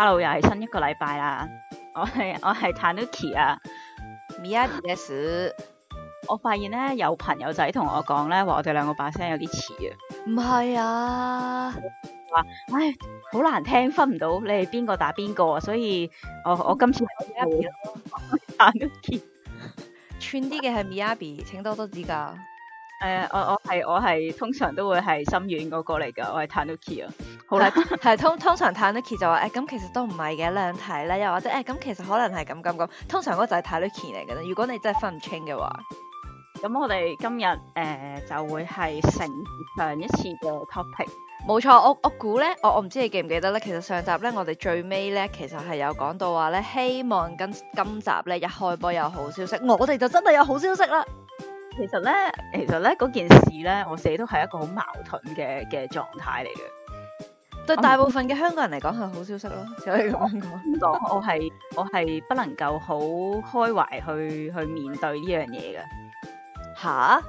Hello，又係新一個禮拜啦，我係我係 Tanuki 啊，Miyabi 嘅事，我發現咧有朋友仔同我講咧，話我哋兩個把聲有啲似啊，唔係啊，話唉好難聽分唔到你係邊個打邊個啊，所以我我今次係 Miyabi，Tanuki，串啲嘅係 Miyabi，請多多指教。誒、呃，我我係我係通常都會係心軟嗰個嚟噶，我係 Tanuki 啊。係係通通常泰勒 key 就話誒咁其實都唔係嘅兩睇咧，又或者誒咁、哎、其實可能係咁咁講。通常嗰就係泰勒 key 嚟嘅啦。如果你真係分唔清嘅話，咁、嗯、我哋今日誒、呃、就會係成上一次嘅 topic。冇錯，我我估咧，我我唔知你記唔記得咧。其實上集咧，我哋最尾咧，其實係有講到話咧，希望跟今集咧一開播有好消息，我哋就真係有好消息啦。其實咧，其實咧嗰件事咧，我自己都係一個好矛盾嘅嘅狀態嚟嘅。對大部分嘅香港人嚟講係好消息咯，只可以咁樣講。我係我係不能夠好開懷去去面對呢樣嘢㗎。吓？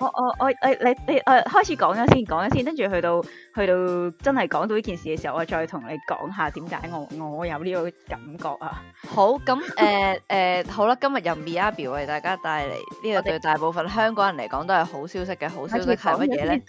我我我誒，你你誒開始講咗先，講咗先，跟住去到去到真係講到呢件事嘅時候，我再同你講下點解我我有呢個感覺啊。好，咁誒誒好啦，今日由 Miyabi 為大家帶嚟呢個對大部分香港人嚟講都係好消息嘅好消息係乜嘢咧？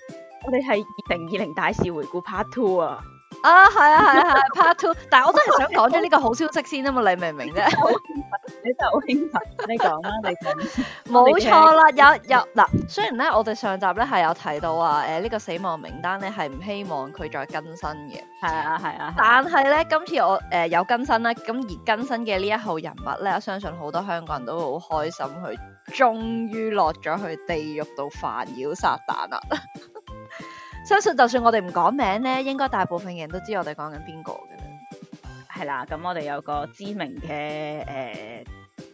我哋係二零二零大事回顧 Part Two 啊！啊，係啊，係啊，係 Part Two。但係我真係想講咗呢個好消息先啊嘛，你明唔明啫？好興奮 你真係好興奮，你講啦，你講。冇錯 啦，有有嗱。雖然咧，我哋上集咧係有睇到啊，誒、呃，呢、這個死亡名單咧係唔希望佢再更新嘅。係啊，係啊。啊但係咧，今次我誒、呃、有更新啦，咁而更新嘅呢一號人物咧，我相信好多香港人都好開心去。終於落咗去地獄度煩擾撒旦啦！相信就算我哋唔講名咧，應該大部分人都知我哋講緊邊個嘅。係啦，咁我哋有個知名嘅誒、呃、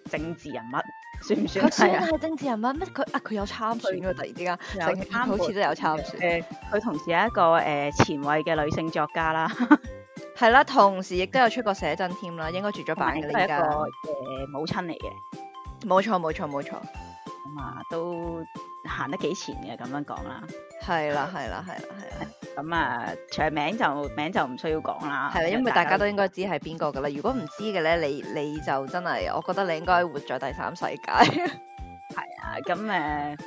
政治人物，算唔算、啊？算係政治人物咩？佢啊，佢有參選啊！突然之間，有天好似都有參選。誒、呃，佢 同時係一個誒、呃、前衛嘅女性作家啦。係 啦，同時亦都有出過寫真添啦，應該住咗版嘅另一個誒、嗯、母親嚟嘅。 冇錯冇錯冇錯，咁啊、嗯、都行得幾前嘅，咁樣講啦，係啦係啦係啦係啦，咁啊，除、嗯呃、名，名就名就唔需要講啦，係啦的，因為大家都應該知係邊個噶啦，嗯、如果唔知嘅咧，你你就真係，我覺得你應該活在第三世界，係 啊，咁誒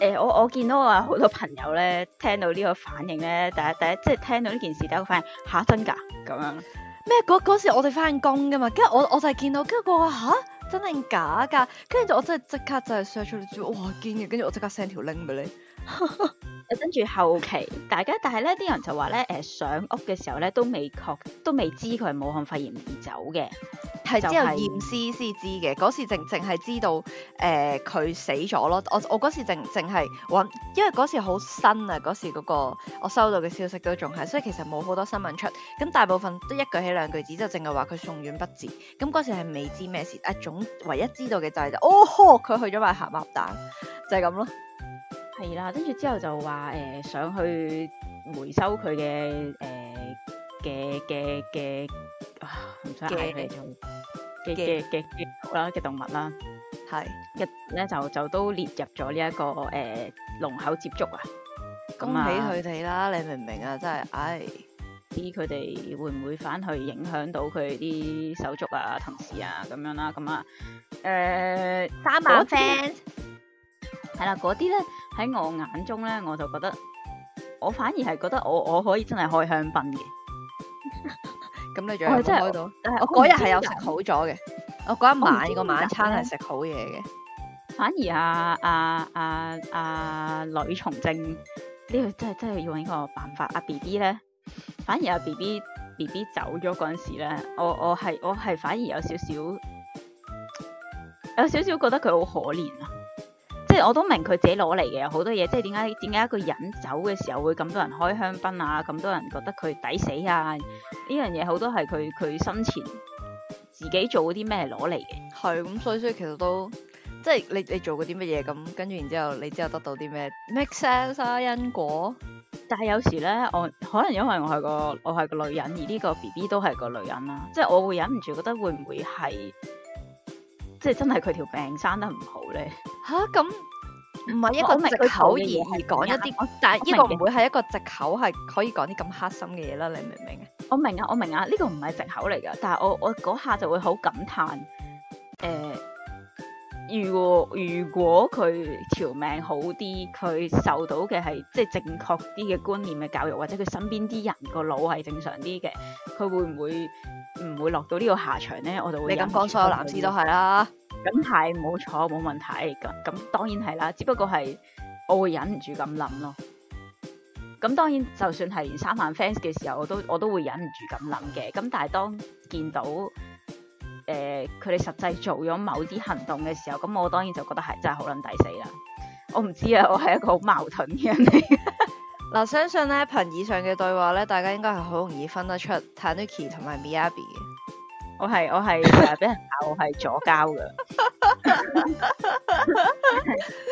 誒，我我見到啊，好多朋友咧，聽到呢個反應咧，第一第一即係聽到呢件事第一個反應，吓，真噶，咁樣咩？嗰嗰時我哋翻工噶嘛，跟住我我，我就見到，跟住我話吓。真定假噶？跟住我真係即刻就係 search 出嚟，哇堅嘅！跟住我即刻 send 條 link 俾你。跟住 後期，大家但係咧，啲人就話咧，誒、呃、上屋嘅時候咧都未確，都未知佢係武漢肺炎而走嘅，係只有驗屍先知嘅。嗰、就是、時淨淨係知道誒佢、呃、死咗咯。我我嗰時淨淨係搵，因為嗰時好新啊。嗰時嗰個我收到嘅消息都仲係，所以其實冇好多新聞出。咁大部分都一句起兩句止，就淨係話佢送院不治。咁嗰時係未知咩事，啊總唯一知道嘅就係、是、就哦呵，佢去咗買鹹鴨蛋，就係、是、咁咯。係啦，跟住之後就話誒想去回收佢嘅誒嘅嘅嘅嘅嘅嘅嘅嘅啦嘅動物啦，係一咧就就都列入咗呢一個誒龍口接觸啊，恭喜佢哋啦！你明唔明啊？真係，唉，啲佢哋會唔會翻去影響到佢啲手足啊、同事啊咁樣啦？咁啊誒三萬 fans，係啦，嗰啲咧。喺我眼中咧，我就覺得我反而係覺得我我可以真係開香檳嘅。咁、 啊、你仲係開到？我真我但係我嗰日係有食好咗嘅，我嗰晚個晚餐係食好嘢嘅。反而阿阿阿阿呂從正呢、這個真係真係要用呢個辦法。阿 B B 咧，反而阿 B B B B 走咗嗰陣時咧，我我係我係反而有少少有少少覺得佢好可憐啊。我都明佢自己攞嚟嘅，好多嘢，即係點解點解佢飲酒嘅時候會咁多人開香檳啊，咁多人覺得佢抵死啊？呢樣嘢好多係佢佢生前自己做嗰啲咩攞嚟嘅？係咁，所以所以其實都即係你你做過啲乜嘢，咁跟住然之後你之後得到啲咩 ？make sense 啊，因果，但係有時咧，我可能因為我係個我係個女人，而呢個 B B 都係個女人啦，即係我會忍唔住覺得會唔會係即係真係佢條病生得唔好咧？吓咁。唔係一個借口，口而而言講一啲，但係呢個唔會係一個借口係可以講啲咁黑心嘅嘢啦，你明唔明啊？我明啊、這個，我明啊，呢個唔係借口嚟㗎，但係我我嗰下就會好感嘆，誒、嗯。欸如果如果佢條命好啲，佢受到嘅係即係正確啲嘅觀念嘅教育，或者佢身邊啲人個腦係正常啲嘅，佢會唔會唔會落到呢個下場呢？我就會你咁講，所有男士都係啦。咁係冇錯，冇問題。咁咁當然係啦，只不過係我會忍唔住咁諗咯。咁當然，就算係連三萬 fans 嘅時候，我都我都會忍唔住咁諗嘅。咁但係當見到。誒，佢哋，呃、實際做咗某啲行動嘅時候，咁我當然就覺得係真係好撚抵死啦！我唔知啊，我係一個好矛盾嘅人嚟。嗱、 呃，相信咧憑以上嘅對話咧，大家應該係好容易分得出 Tanuki 同埋 Miyabi 嘅。我係 我係誒，俾人鬧，我係咗交嘅。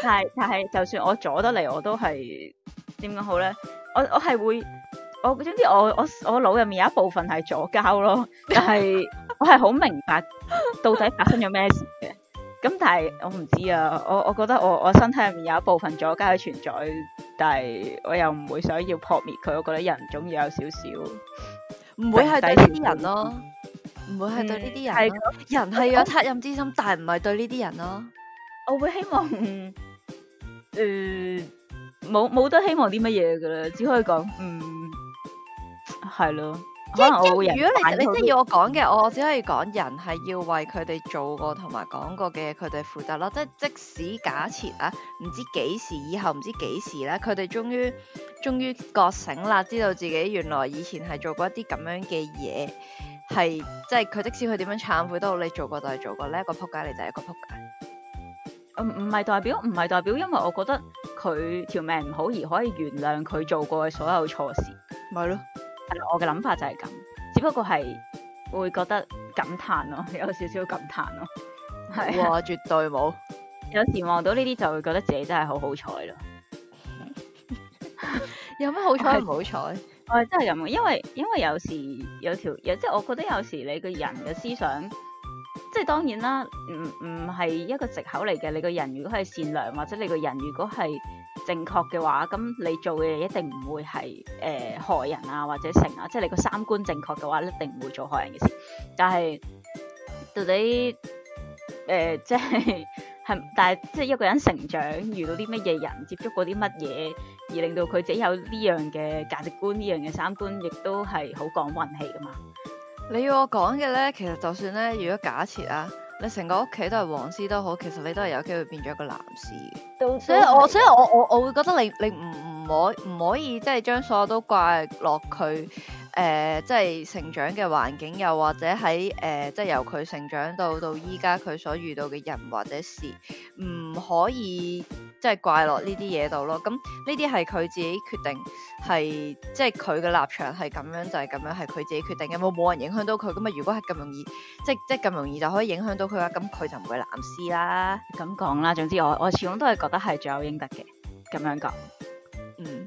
係係，就算我咗得嚟，我都係點講好咧？我我係會，我總之我我我腦入面有一部分係左交咯，但係。 我係好明白到底發生咗咩事嘅，咁 但係我唔知啊，我我覺得我我身體入面有一部分阻隔嘅存在，但係我又唔會想要破滅佢，我覺得人總要有少少，唔會係對呢啲人咯、啊，唔、嗯、會係對呢啲人、啊，係人係有惻隱之心，我但係唔係對呢啲人咯、啊，我會希望，誒、嗯，冇、呃、冇得希望啲乜嘢噶啦，只可以講，嗯，係咯。即可能我即如果你如果你即要我講嘅，我只可以講人係要為佢哋做過同埋講過嘅，佢哋負責咯。即係即使假設啊，唔知幾時以後時，唔知幾時咧，佢哋終於終於覺醒啦，知道自己原來以前係做過一啲咁樣嘅嘢，係即係佢即使佢點樣懺悔，都好，你做過就係做過。呢一個仆街，你就係一個仆街。唔唔係代表唔係代表，因為我覺得佢條命唔好而可以原諒佢做過嘅所有錯事，咪咯。我嘅諗法就係咁，只不過係會覺得感嘆咯、啊，有少少感嘆咯、啊。係， 哇，絕對冇。有時望到呢啲就會覺得自己真係好好彩咯。 有咩好彩唔好彩？我係真係咁，因為因為有時有條，即係我覺得有時你個人嘅思想，即係當然啦，唔唔係一個藉口嚟嘅。你個人如果係善良，或者你個人如果係。正確嘅話，咁你做嘅嘢一定唔會係誒、呃、害人啊，或者成啊，即係你個三觀正確嘅話，一定唔會做害人嘅事。但係到底誒、呃，即係係，但係即係一個人成長遇到啲乜嘢人，接觸過啲乜嘢，而令到佢自己有呢樣嘅價值觀，呢樣嘅三觀，亦都係好講運氣噶嘛。你要我講嘅咧，其實就算咧，如果假設啊。你成個屋企都係黃絲都好，其實你都係有機會變咗一個藍絲，都係所，所以我所以我我我會覺得你你唔唔可唔可以即係將所有都怪落佢，誒，即係成長嘅環境，又或者喺誒即係由佢成長到到依家佢所遇到嘅人或者事，唔可以。即係怪落呢啲嘢度咯，咁呢啲係佢自己決定，係即係佢嘅立場係咁樣就係咁樣，係佢自己決定有冇冇人影響到佢，咁啊如果係咁容易，即係即係咁容易就可以影響到佢啊，咁佢就唔會藍絲啦。咁講啦，總之我我始終都係覺得係罪有應得嘅，咁樣講，嗯，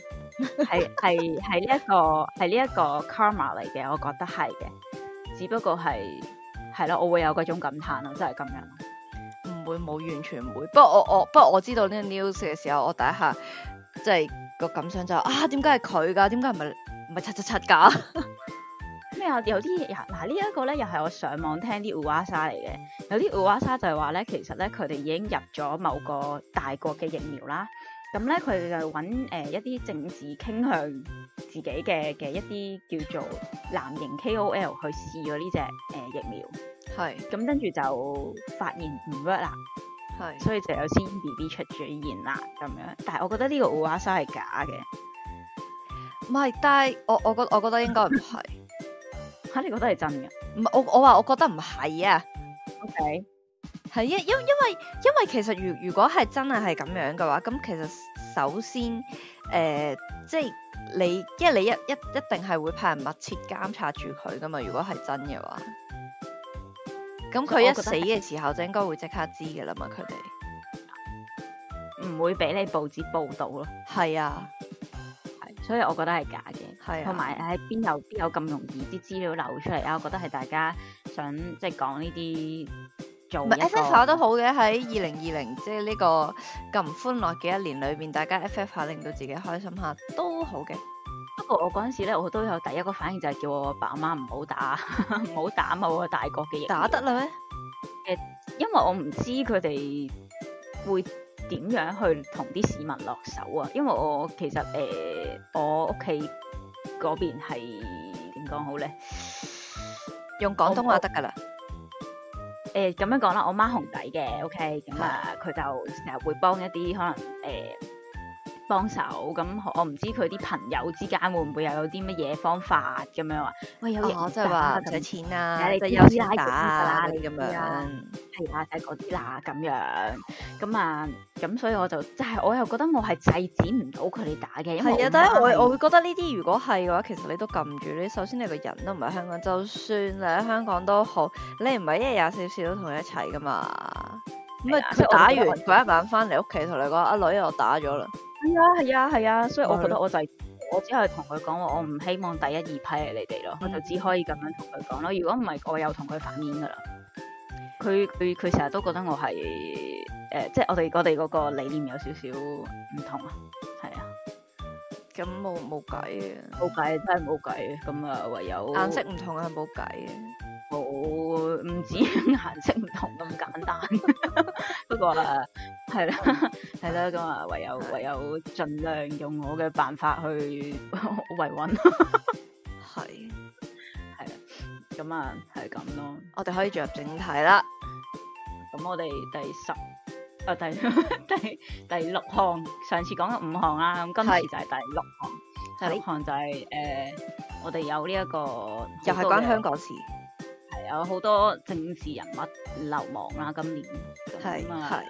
係係係呢一個係呢一個 karma 嚟嘅，我覺得係嘅，只不過係係咯，我會有嗰種感嘆咯，即係咁樣。會冇，完全唔會，不過我我不過我知道呢個 news 嘅時候，我第一下即係、就是那個感想就啊，點解係佢噶？點解唔係唔係七七七噶？咩 啊？有啲人嗱呢一個咧，又係我上網聽啲烏瓦沙嚟嘅。有啲烏瓦沙就係話咧，其實咧佢哋已經入咗某個大國嘅疫苗啦。咁咧佢哋就揾誒、呃、一啲政治傾向自己嘅嘅一啲叫做藍營 K O L 去試咗呢隻誒疫苗。係，咁跟住就發現唔 work 啦，係是，所以就有先 B B 出主意啦咁樣。但係我覺得呢個烏鴉聲係假嘅，唔係，但係我我覺我覺得應該唔係，吓、 啊、你覺得係真嘅？唔係我我話我覺得唔係啊，OK，係係因因因為因為，因為其實如果如果係真係係咁樣嘅話，咁其實首先誒、呃、即係你，因為你一一一定係會派人密切監察住佢噶嘛，如果係真嘅話。咁佢一死嘅時候就應該會即刻知噶啦嘛。佢哋唔會俾你報紙報道咯。係啊，所以我覺得係、啊、假嘅。係同埋喺邊有邊有咁容易啲資料流出嚟啊？我覺得係大家想即係講呢啲，做係 F F 下都好嘅。喺二零二零即係呢個咁歡樂嘅一年裏面，大家 F F 下令到自己開心下都好嘅。我嗰陣時咧，我都有第一個反應就係、是、叫我爸阿媽唔好打，唔 好打某大國嘅嘢。打得啦咩？誒，因為我唔知佢哋會點樣去同啲市民落手啊。因為我其實誒、呃，我屋企嗰邊係點講好咧？用廣東話得噶啦。誒我，咁、呃、樣講啦，我媽紅底嘅，OK，咁、嗯、的啊，佢就成日會幫一啲可能誒。呃幫手咁，我唔知佢啲朋友之間會唔會又有啲乜嘢方法咁樣啊？喂，有型啊，咁嘅、哦就是、樣錢啊，就有拉打啦，咁樣，係啊，就係嗰啲啦，咁樣，咁啊，咁所以我就就係、是、我又覺得我係制止唔到佢哋打嘅，因啊，第一我我會覺得呢啲如果係嘅話，其實你都撳住你，首先你個人都唔喺香港，就算你喺香港都好，你唔係一日二十四小時都同佢一齊噶嘛。咁啊的，佢就打完佢一晚翻嚟屋企，同 你講阿女我打咗啦。係啊，係啊，係啊，所以我覺得我就係、是嗯，我只係同佢講話，我唔希望第一二批係你哋咯，我就只可以咁樣同佢講咯。如果唔係，我又同佢反面噶啦。佢佢佢成日都覺得我係誒、呃，即係我哋我哋嗰個理念有少少唔同啊，係、嗯、啊。咁冇冇計嘅，冇計真係冇計嘅，咁啊唯有顏色唔同啊，冇計嘅。冇，唔止顏色唔同咁簡單， 不過係啦係啦，咁啊唯有唯有盡量用我嘅辦法去維穩，係係啦，咁啊係咁咯。我哋可以進入正題啦。咁我哋第十啊第 第第六項，上次講咗五項啦，咁今次就係第六項。是第六項就係、是、誒、呃，我哋有呢一個又係關香港事。有好多政治人物流亡啦，今年係係，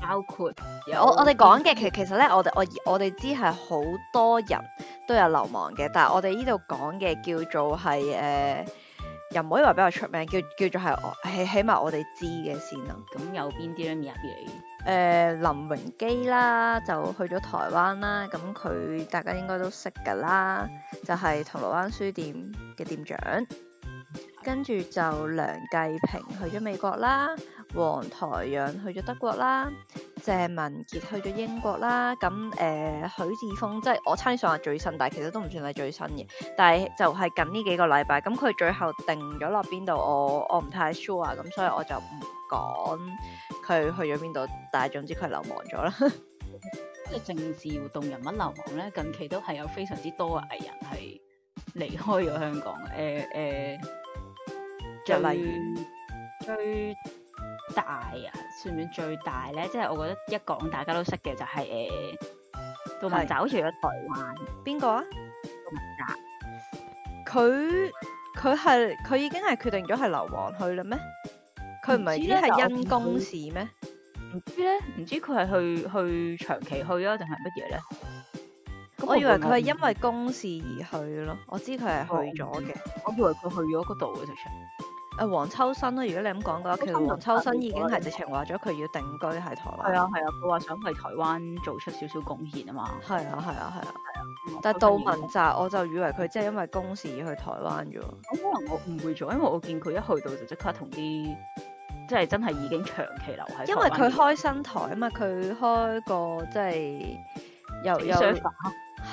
包括有我我哋講嘅，其實其實咧，我哋我我哋知係好多人都有流亡嘅，但係我哋呢度講嘅叫做係誒、呃，又唔可以話比較出名，叫叫做係我起起碼我哋知嘅先啦。咁有邊啲咧入嚟？誒、呃，林榮基啦，就去咗台灣啦。咁佢大家應該都識㗎啦，就係銅鑼灣書店嘅店長。跟住就梁繼平去咗美國啦，黃台仰去咗德國啦，鄭文傑去咗英國啦。咁誒，許、呃、智峯，即係我猜想係最新，但係其實都唔算係最新嘅。但係就係近呢幾個禮拜，咁佢最後定咗落邊度，我我唔太 sure，咁所以我就唔講佢去咗邊度。但係總之佢流亡咗啦。即係政治活動人物流亡咧，近期都係有非常之多嘅藝人係離開咗香港。誒、呃、誒。呃就例如最大啊，算唔算最大咧？即係我覺得一講大家都識嘅就係誒杜汶澤，走咗台灣邊個啊？杜汶澤佢佢係佢已經係決定咗係流亡去啦咩？佢唔係即係因公事咩？唔知咧，唔知佢係去去長期去啊，定係乜嘢咧？我，我以為佢係因為公事而去咯。嗯、我知佢係去咗嘅。我以為佢去咗嗰度嘅，其實。誒、啊、黃秋生咯、啊，如果你咁講嘅話，其實黃秋生已經係直情話咗佢要定居喺台灣。係啊係啊，佢話、啊、想為台灣做出少少貢獻啊嘛。係啊係啊係啊！啊啊啊但係杜汶澤，我就以為佢即係因為公事要去台灣啫喎。 嗯、我可能我誤會咗，因為我見佢一去到就即刻同啲，即係真係已經長期留喺。因為佢開新台啊嘛，佢開個即係又又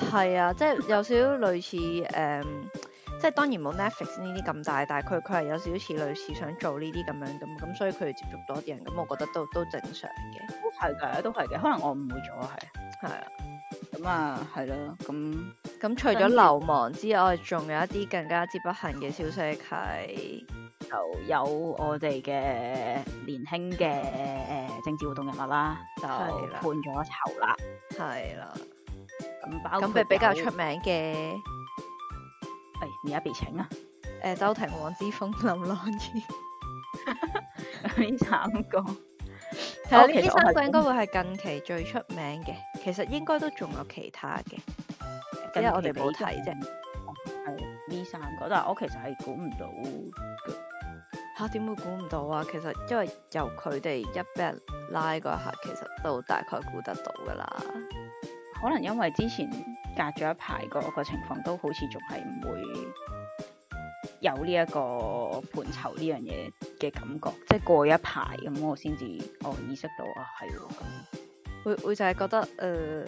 係啊，即係有少少類似誒。 即係當然冇 Netflix 呢啲咁大，但係佢佢係有少少似類似想做呢啲咁樣咁，咁、嗯、所以佢接觸多啲人，咁、嗯、我覺得都都正常嘅、哦。都係嘅，都係嘅。可能我唔會做啊，係。係啊，咁啊，係咯。咁咁除咗流亡之外，仲有一啲更加之不幸嘅消息係，就有我哋嘅年輕嘅誒政治活動人物啦，就判咗囚啦。係啦。咁包咁比比較出名嘅。誒，而家別請啊！誒、呃，周庭、黃之鋒、林朗彥，呢 這三個，睇下呢啲三個應該會係近期最出名嘅。其實應該都仲有其他嘅，因為我哋冇睇啫。係呢三個，但係我其實係估唔到嘅。吓，點、啊、會估唔到啊？其實因為由佢哋一俾人拉嗰下，其實都大概估得到噶啦。可能因為之前。隔咗一排，個個情況都好似仲係唔會有呢一個判囚呢樣嘢嘅感覺，即係過一排咁，我先至我意識到啊，係喎，會會就係覺得，誒、呃，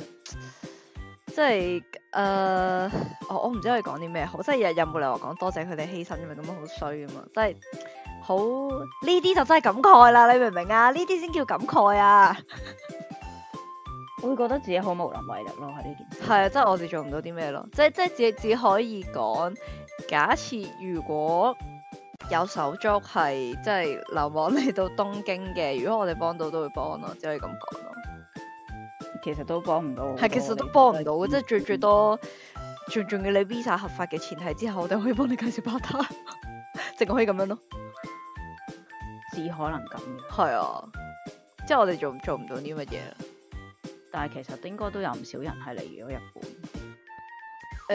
即係誒、呃，我我唔知可以講啲咩好，即係日日冇理由講多謝佢哋犧牲，因為咁樣，好衰啊嘛，即係好呢啲就真係感慨啦，你明唔明啊？呢啲先叫感慨啊！ 我會覺得自己好無能為力咯，喺呢件事係啊，即係我哋做唔到啲咩咯，即係即係只只可以講假設，如果有手足係即係流亡嚟到東京嘅，如果我哋幫到都會幫咯，只可以咁講咯。其實都幫唔到，係其實都幫唔到嘅，即係最最多，最重要你 visa 合法嘅前提之下，我哋可以幫你介紹 partner，淨可以咁樣咯，只可能咁。係啊，即係我哋做做唔到啲乜嘢。但係其實應該都有唔少人係嚟咗日本。誒、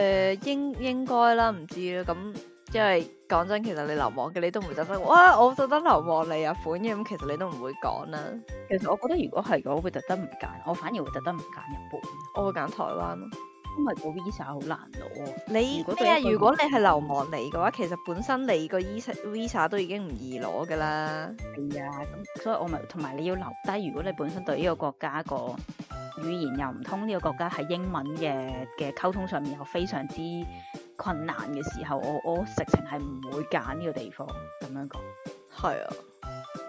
呃，應該應該啦，唔知啦。咁即係講真，其實你流亡嘅你都唔會特登，哇！我特登流亡你日、啊、本嘅，咁其實你都唔會講啦。其實我覺得如果係嘅，我會特登唔揀，我反而會特登唔揀日本，我會揀台灣咯。因為個 Visa 好難攞，你啊，你如果，如果你係流亡嚟嘅話，其實本身你個 Visa Visa 都已經唔易攞噶啦。係啊，咁所以我咪同埋你要留低。如果你本身對呢個國家個語言又唔通，呢個國家喺英文嘅嘅溝通上面又非常之困難嘅時候，我我直情係唔會揀呢個地方。咁樣講，係啊，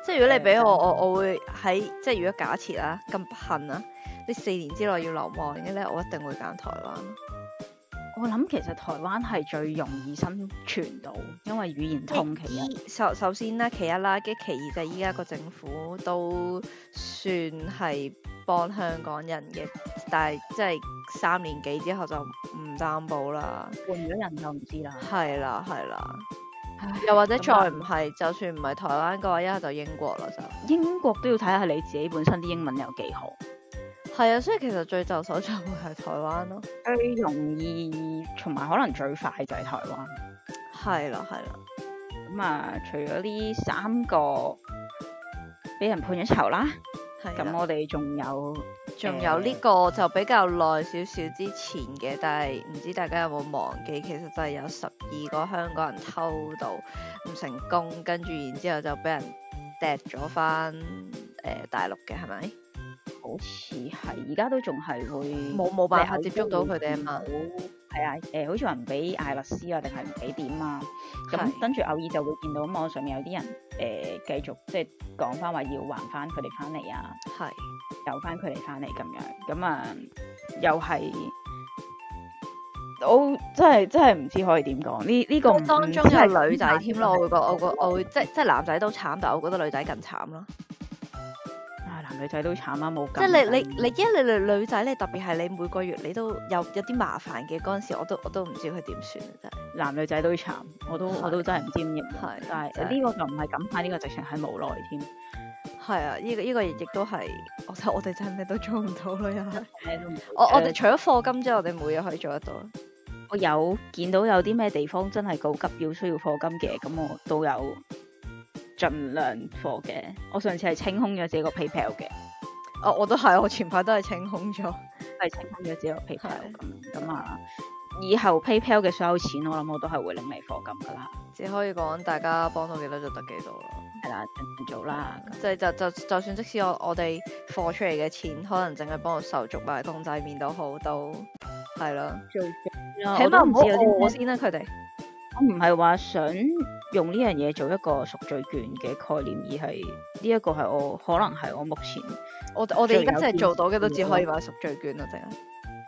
即係如果你俾我、嗯、我，我我會喺即係如果假設啊，咁不幸啦。即四年之內要流亡嘅咧，我一定會揀台灣。我諗其實台灣係最容易生存到，因為語言通、欸、其一。首首先啦，其一啦，跟住其二就係依家個政府都算係幫香港人嘅，但係即係三年幾之後就唔擔保啦。換咗人就唔知啦。係啦，係啦。 又或者再唔係， 就算唔係台灣嘅話，一係就英國啦。就英國都要睇下你自己本身啲英文有幾好。係啊，所以其實最就手就係台灣咯，最容易同埋可能最快就係台灣。係啦，係啦。咁啊，除咗呢三個俾人判咗囚啦，咁係我哋仲有仲有呢個就比較耐少少之前嘅，但係唔知大家有冇忘記？其實就係有十二個香港人偷渡唔成功，跟住然之後就俾人掟咗翻誒大陸嘅，係咪？好似係而家都仲係會冇冇辦法接觸到佢哋啊嘛，係、呃、啊，誒，好似話唔俾艾律師啊，定係唔俾點啊？咁跟住偶爾就會見到網上面有啲人誒，繼、呃、續即係講翻話要還翻佢哋翻嚟啊，係的，就翻佢哋翻嚟咁樣，咁啊、呃，又係，都，真係真係唔知可以點講呢？呢、這個當中有女仔添咯，我覺得我覺得我覺得我會即係即係男仔都慘，但係我覺得女仔更慘咯。男女仔都慘啊，冇計。即係你你你，因為女女仔咧，特別係你每個月你都有有啲麻煩嘅嗰陣時，我都我都唔知佢點算真係。男女仔都慘，我都我都真係唔知係，但係呢個就唔係咁快，呢、這個直情係無奈添。係啊，呢、這個呢個亦都係，我我哋真係咩都做唔到咯，又係。 我我哋除咗課金之外，我哋冇嘢可以做得到。我有見到有啲咩地方真係告急，要需要課金嘅，咁我都有。盡量貨嘅，我上次係清空咗自己個 PayPal 嘅。哦、啊，我都係，我前排都係清空咗，係清空咗自己個 PayPal 咁。咁啊，以後 PayPal 嘅所有錢，我諗我都係會拎嚟貨金噶啦。只可以講，大家幫到幾多就得幾多咯。係、嗯、啦，盡力做啦。即係就就就，就，就算即使我我哋貨出嚟嘅錢，可能淨係幫我手足買公仔麵好都好都係咯。做，起碼唔好餓先啦。佢哋，啊、我唔係話想。用呢樣嘢做一個贖罪券嘅概念，而係呢一個係我可能係我目前我我哋而家一齊做到嘅，都只可以話贖罪券咯，即係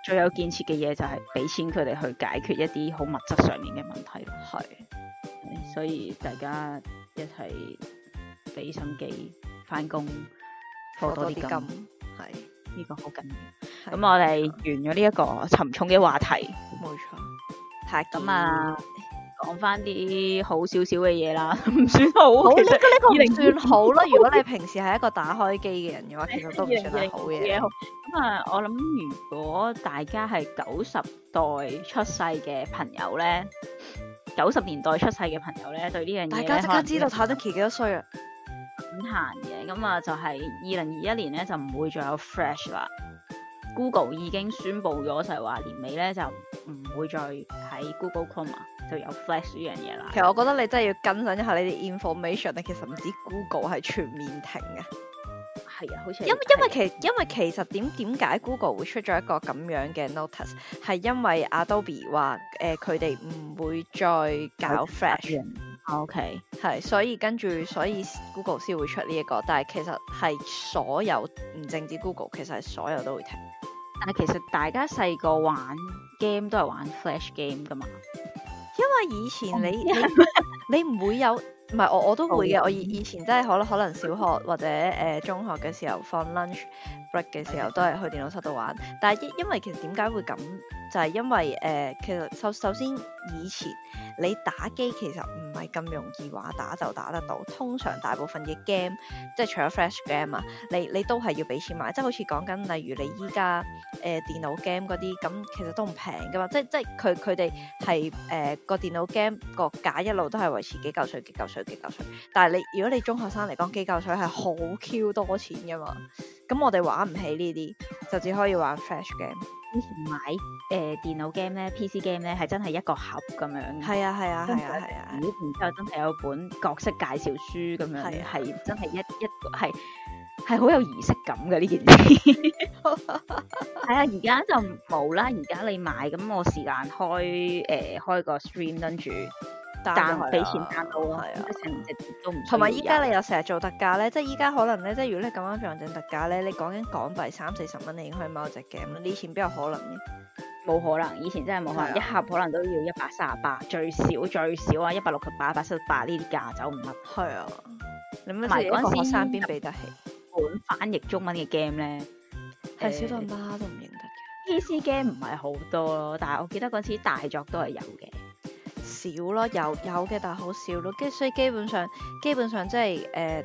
最有建設嘅嘢就係俾錢佢哋去解決一啲好物質上面嘅問題，係是，所以大家一齊俾心機返工，攞多啲金，係呢個好緊要。咁的我哋完咗呢一個沉重嘅話題，冇錯，係咁啊。嗯講翻啲好少少嘅嘢啦，唔 算好。好，呢個呢個唔算好咯。 如果你平時係一個打開機嘅人嘅話，其實都唔算係好嘢嘅。咁啊、 嗯，我諗如果大家係九十代出世嘅朋友咧，九十年代出世嘅朋友咧，對樣呢樣嘢大家即刻知道 t i k t 幾多歲啊？咁閒嘅，咁啊就係二零二一年咧，就唔、是、會再有 Flash 啦。Google 已經宣布咗就係話年尾咧就。唔會再喺 Google Chrome 就有 Flash 呢樣嘢啦。其實我覺得你真係要跟上一下你啲 information 咧，其實唔止 Google 係全面停嘅，係啊，好似因因為其、啊、因為其實點點解 Google 會出咗一個咁樣嘅 notice，係因為 Adobe 話誒佢、呃、哋唔會再搞 Flash。O K 係，所以跟住，所以 Google 先會出呢、這、一個，但係其實係所有唔淨止 Google，其實係所有都會停。但係其實大家細個玩 game 都係玩 flash game 噶嘛，因為以前你 你唔會有，唔係我我都會嘅，我以以前真係可能可能小學或者誒、呃、中學嘅時候放 lunch。嘅時候都係去電腦室度玩，但係因因為其實點解會咁就係、是、因為誒、呃，其實首首先以前你打機其實唔係咁容易話打就打得到。通常大部分嘅 game 即係除咗 Flash game 啊，你你都係要俾錢買，即係好似講緊例如你依家誒電腦 game 嗰啲咁，其實都唔平噶嘛。即即係佢佢哋係誒個電腦 game 個價一路都係維持幾嚿水幾嚿水幾嚿水。但係你如果你中學生嚟講幾嚿水係好 Q 多錢噶嘛。咁我哋玩唔起呢啲，就只可以玩 Flash game。以前買誒、呃、電腦 game 咧，PC game 咧係真係一個盒咁樣。係啊，係啊，係啊，係啊，啊啊啊然之後真係有本角色介紹書咁樣，係、啊、真係一一個係係好有儀式感嘅呢件事。係啊，而家就冇啦。而家你買咁我時間開誒、呃、開個 stream 跟住。賺俾錢賺到啊！都唔同埋依家你又成日做特價咧，即係依家可能咧，即係如果你咁啱上正特價咧，你講緊港幣三四十蚊你已經可以買一隻 game，你以前邊有可能冇可能，以前真係冇可能，啊、一盒可能都要一百三十八，最少最少啊一百六十八、一百七十八呢啲價走唔甩。係啊，你唔係嗰陣時學生邊俾得起本翻譯中文嘅 game 咧？係少到媽都唔認得嘅。P.C. game 唔係好多咯，但係我記得嗰時大作都係有嘅。少咯，有有嘅，但係好少咯。跟所以基本上基本上即係誒，即、呃、係、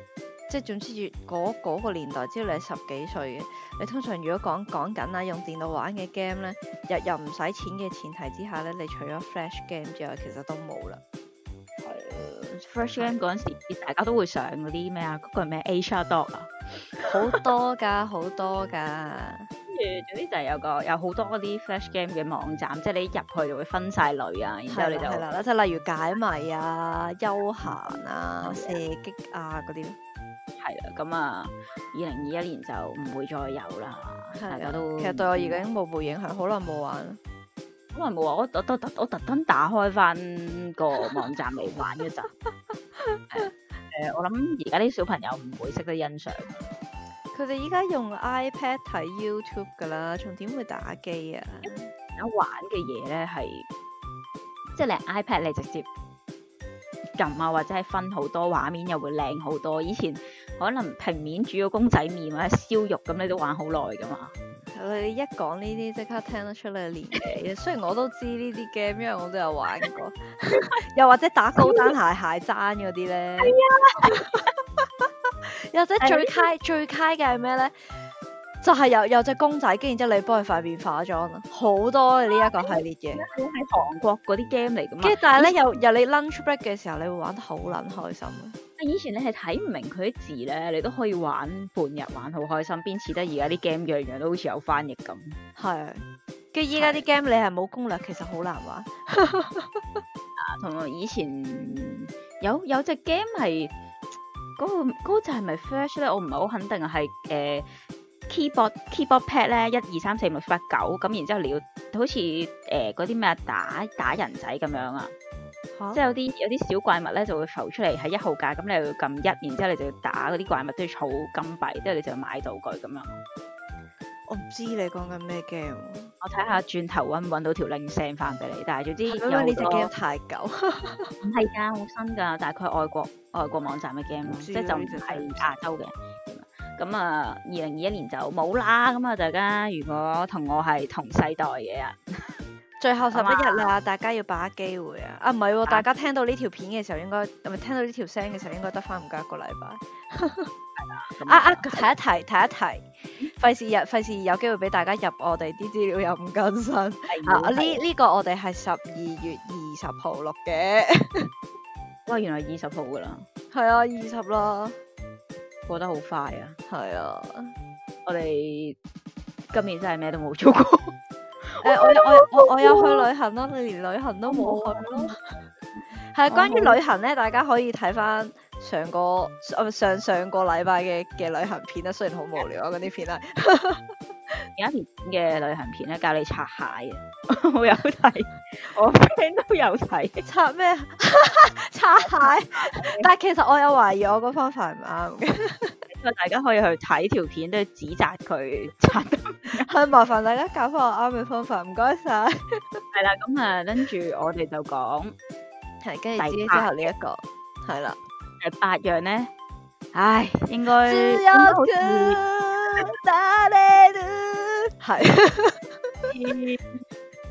就是、總之嗰、那、嗰、個那個年代，知道你係十幾歲嘅。你通常如果講講緊啦，用電腦玩嘅 game 咧，又又唔使錢嘅前提之下咧，你除咗 flash game 之外，其實都冇啦。係啊，flash game 嗰陣時大家都會上嗰啲咩啊，嗰、那個咩 Asia Doc 啊，好 多噶，好多噶。跟住，總之就係有個有好多啲 flash game 嘅網站，即係你入去就會分晒類啊，然之後你就係啦，即係例如解謎啊、休閒啊，啊、射擊啊嗰啲。係啦，咁啊，二零二一年就唔會再有啦。了大家都其實對我而家已經冇冇影響，好耐冇玩，好耐冇玩。我我，我，我，我特我特登打開翻個網站嚟玩一陣。誒，我諗而家啲小朋友唔會識得欣賞。佢哋依家用 iPad 睇 YouTube 噶啦，仲點會打機啊？而家玩嘅嘢咧係，即係你 iPad 你直接撳啊，或者係分好多畫面又會靚好多。以前可能平面煮個公仔麵或者燒肉咁，你都玩好耐噶嘛。 你一講呢啲，即刻聽得出你年紀。雖然我都知呢啲 game，因為我都有玩過。 又或者打高單鞋鞋踭嗰啲咧。有啲最 high 最 high 嘅係咩咧？就係、是、有有隻公仔，跟然之後你幫佢塊面化妝啊，好多呢一個系列嘅。喺韓、啊、國嗰啲 game 嚟噶嘛？跟住但係咧，又又前你 lunch break 嘅時候，你會玩得好捻開心啊，以前你係睇唔明佢啲字咧，你都可以玩半日玩好開心，邊似得而家啲 game 樣樣都好似有翻譯咁。係、啊，跟住依家啲 game 你係冇攻略，其實好難玩。 啊，同以前有有隻 game 係。嗰、那個那個就係咪 Flash 咧？我唔係好肯定係誒 keyboard keyboard pad 咧，一二三四五六七八九咁，然之後你要好似誒嗰啲咩打打人仔咁樣啊，即係有啲有啲小怪物咧就會浮出嚟喺一號格，咁你又要撳一，然之後你就要打嗰啲怪物都要儲金幣，即係你就買道具咁樣。我唔知你講緊咩 game，我睇下轉頭搵唔搵到條鈴聲翻俾你，但係總之因為呢隻 game 太舊，唔係噶，好新噶，大概外國外國網站嘅 game 咯，即係就係亞洲嘅。咁啊，二零二一年就冇啦。咁啊，大家如果同我係同世代嘅人，最後十一日啦，啊、大家要把握機會啊！啊，唔、就、係、是啊，大家聽到呢條片嘅時候應該，唔係聽到呢條聲嘅時候應該得翻唔夠一個禮拜。 啊啊！啊，睇、啊、一提，提一提。費事入，費事有機會俾大家入我哋啲資料又唔更新。哎、呦啊，呢呢的、這個我哋係十二月二十號錄嘅。 哇，原來二十號噶啦。係啊，二十啦。過得好快啊。係啊，我哋今年真係咩都冇做過。誒、 欸，我我我有我有去旅行啦、啊，你連旅行都冇去咯。係 關於旅行咧，大家可以睇翻。上個我上上個禮拜嘅嘅旅行片啦，雖然好無聊啊，嗰啲片啦，有一片嘅旅行片啦，教你拆蟹， 我有睇，我都有睇，拆咩什？ 拆蟹蟹， 但係其實我有懷疑我個方法唔啱嘅， 大家可以去睇條片，都去指責佢拆！蟹 麻煩大家教翻我啱嘅方，方法，唔該晒，係 啦，咁啊，跟住我哋就講， 係跟住之後呢、這、一個，係啦。八樣咧，唉，應該係，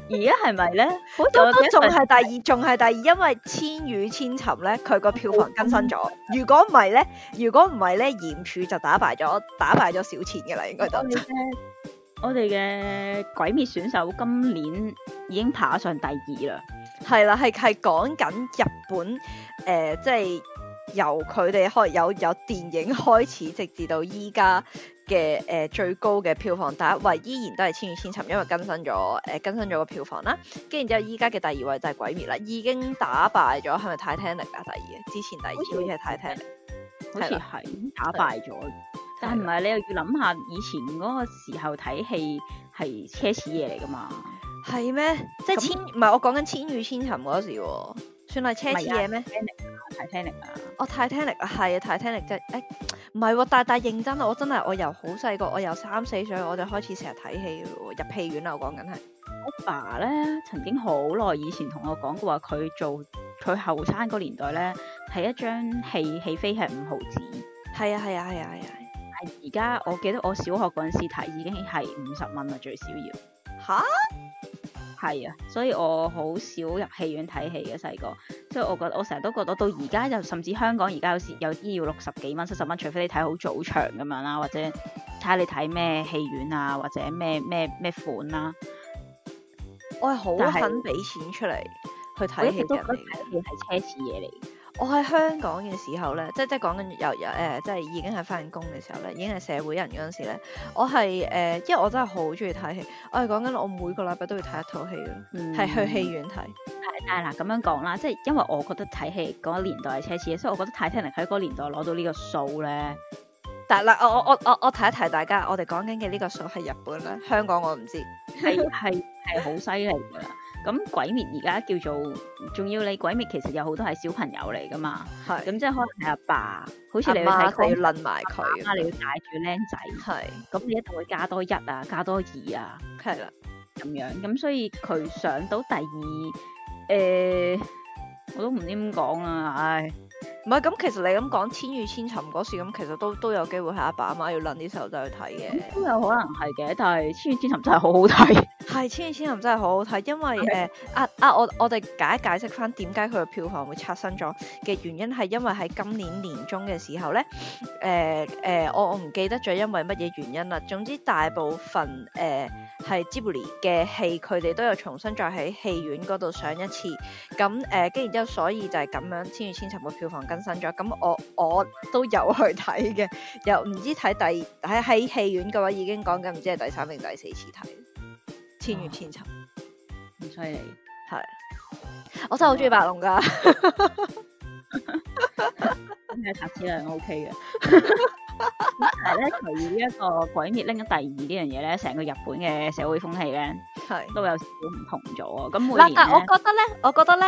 而家係咪咧？都都仲係第二，仲係第二，因為千千《千與千尋》咧，佢個票房更新咗。如果唔係咧，如果唔係咧，炎柱就打敗咗打敗咗小錢嘅啦，應該都、就係。我哋嘅《鬼滅》選手今年已經爬上第二啦，係啦，係係講緊日本誒、呃，即係。由佢哋開有有電影開始，直至到依家嘅誒最高嘅票房第一位依然都係《千與千尋》，因為更新咗誒、呃、更新咗個票房啦。跟然之後依家嘅第二位就係《鬼滅》啦，已經打敗咗係咪《Titanic》啊？第二，之前第二位好似係《Titanic》，好似係打敗咗。但係唔係你又要諗下以前嗰個時候睇戲係奢侈嘢嚟噶嘛？係咩？即係千唔係我講緊《千與千尋》嗰時，算係奢侈嘢咩？Titanic 啊！我 Titanic 啊，係啊，Titanic 即係誒，唔係喎，大但，但認真啊，我真係我由好細個，我由三四歲我就開始成日睇戲喎，入戲院啦，我講緊係。我爸咧，曾經好耐以前同我講過話，佢做佢後生嗰年代咧，係一張戲戲飛係五毫子。係啊係啊係啊係啊！但而家我記得我小學嗰陣時睇已經係五十蚊啦，最少要。吓？係啊，所以我好少入戲院睇戲嘅細個，即係我覺得，我成日都覺得到而家就甚至香港而家有時有啲要六十幾蚊、七十蚊，除非你睇好早場咁樣啦，或者睇下你睇咩戲院啊，或者咩咩咩款啦、啊，我係好肯俾錢出嚟是去睇戲嘅。我一直都覺得睇片係奢侈嘢嚟。我喺香港嘅時候咧，即即講緊由由誒，即係、呃、已經係翻緊工嘅時候咧，已經係社會人嗰陣時咧，我係誒、呃，因為我真係好中意睇戲，我係講緊我每個禮拜都要睇一套戲咯，係、嗯、去戲院睇。係係嗱咁樣講啦，即係因為我覺得睇戲嗰年代係奢侈，所以我覺得泰坦尼克喺嗰年代攞到呢個數咧。但嗱，我我我我我提一提大家，我哋講緊嘅呢個數係日本啦，香港我唔知係係係好犀利噶。 咁鬼滅而家叫做，仲要你鬼滅其實有好多係小朋友嚟㗎嘛，係是，咁即係可能係阿爸，爸，好似你去睇佢要攆埋佢，啊你要帶住僆仔，係是，咁你一定會加多一啊，加多二啊，係啦的，咁樣，咁所以佢上到第二，誒、呃，我都唔知點講啊，唉。唔係咁，其實你咁講《千與千尋》嗰時咁，其實都都有機會係阿爸阿媽要攆啲時候就去睇嘅，都有可能係嘅。但係 《千與千尋》真係好好睇，係《千與千尋》真係好好睇，因為誒，的啊啊，我我哋解解釋翻點解佢嘅票房會刷新咗嘅原因，係因為喺今年年中嘅時候咧，誒、呃、誒、呃，我我唔記得咗因為乜嘢原因啦。總之大部分誒係 Ghibli 嘅戲，佢哋都有重新再喺戲院嗰度上一次。咁誒，跟然之後，所以就係咁樣，《千與千尋》嘅票房更新咗，咁我我都有去睇嘅，又唔知睇第喺喺戲院嘅話，已經講緊唔知係第三定第四次睇《千與千尋》，唔犀利，係我真係好中意白龍噶，咁啊，拍質量 OK 嘅，但係咧，除咗呢一個鬼滅拎咗第二呢樣嘢咧，成個日本嘅社會風氣咧，係都有少少唔同咗。咁每年咧，我覺得咧，我覺得咧。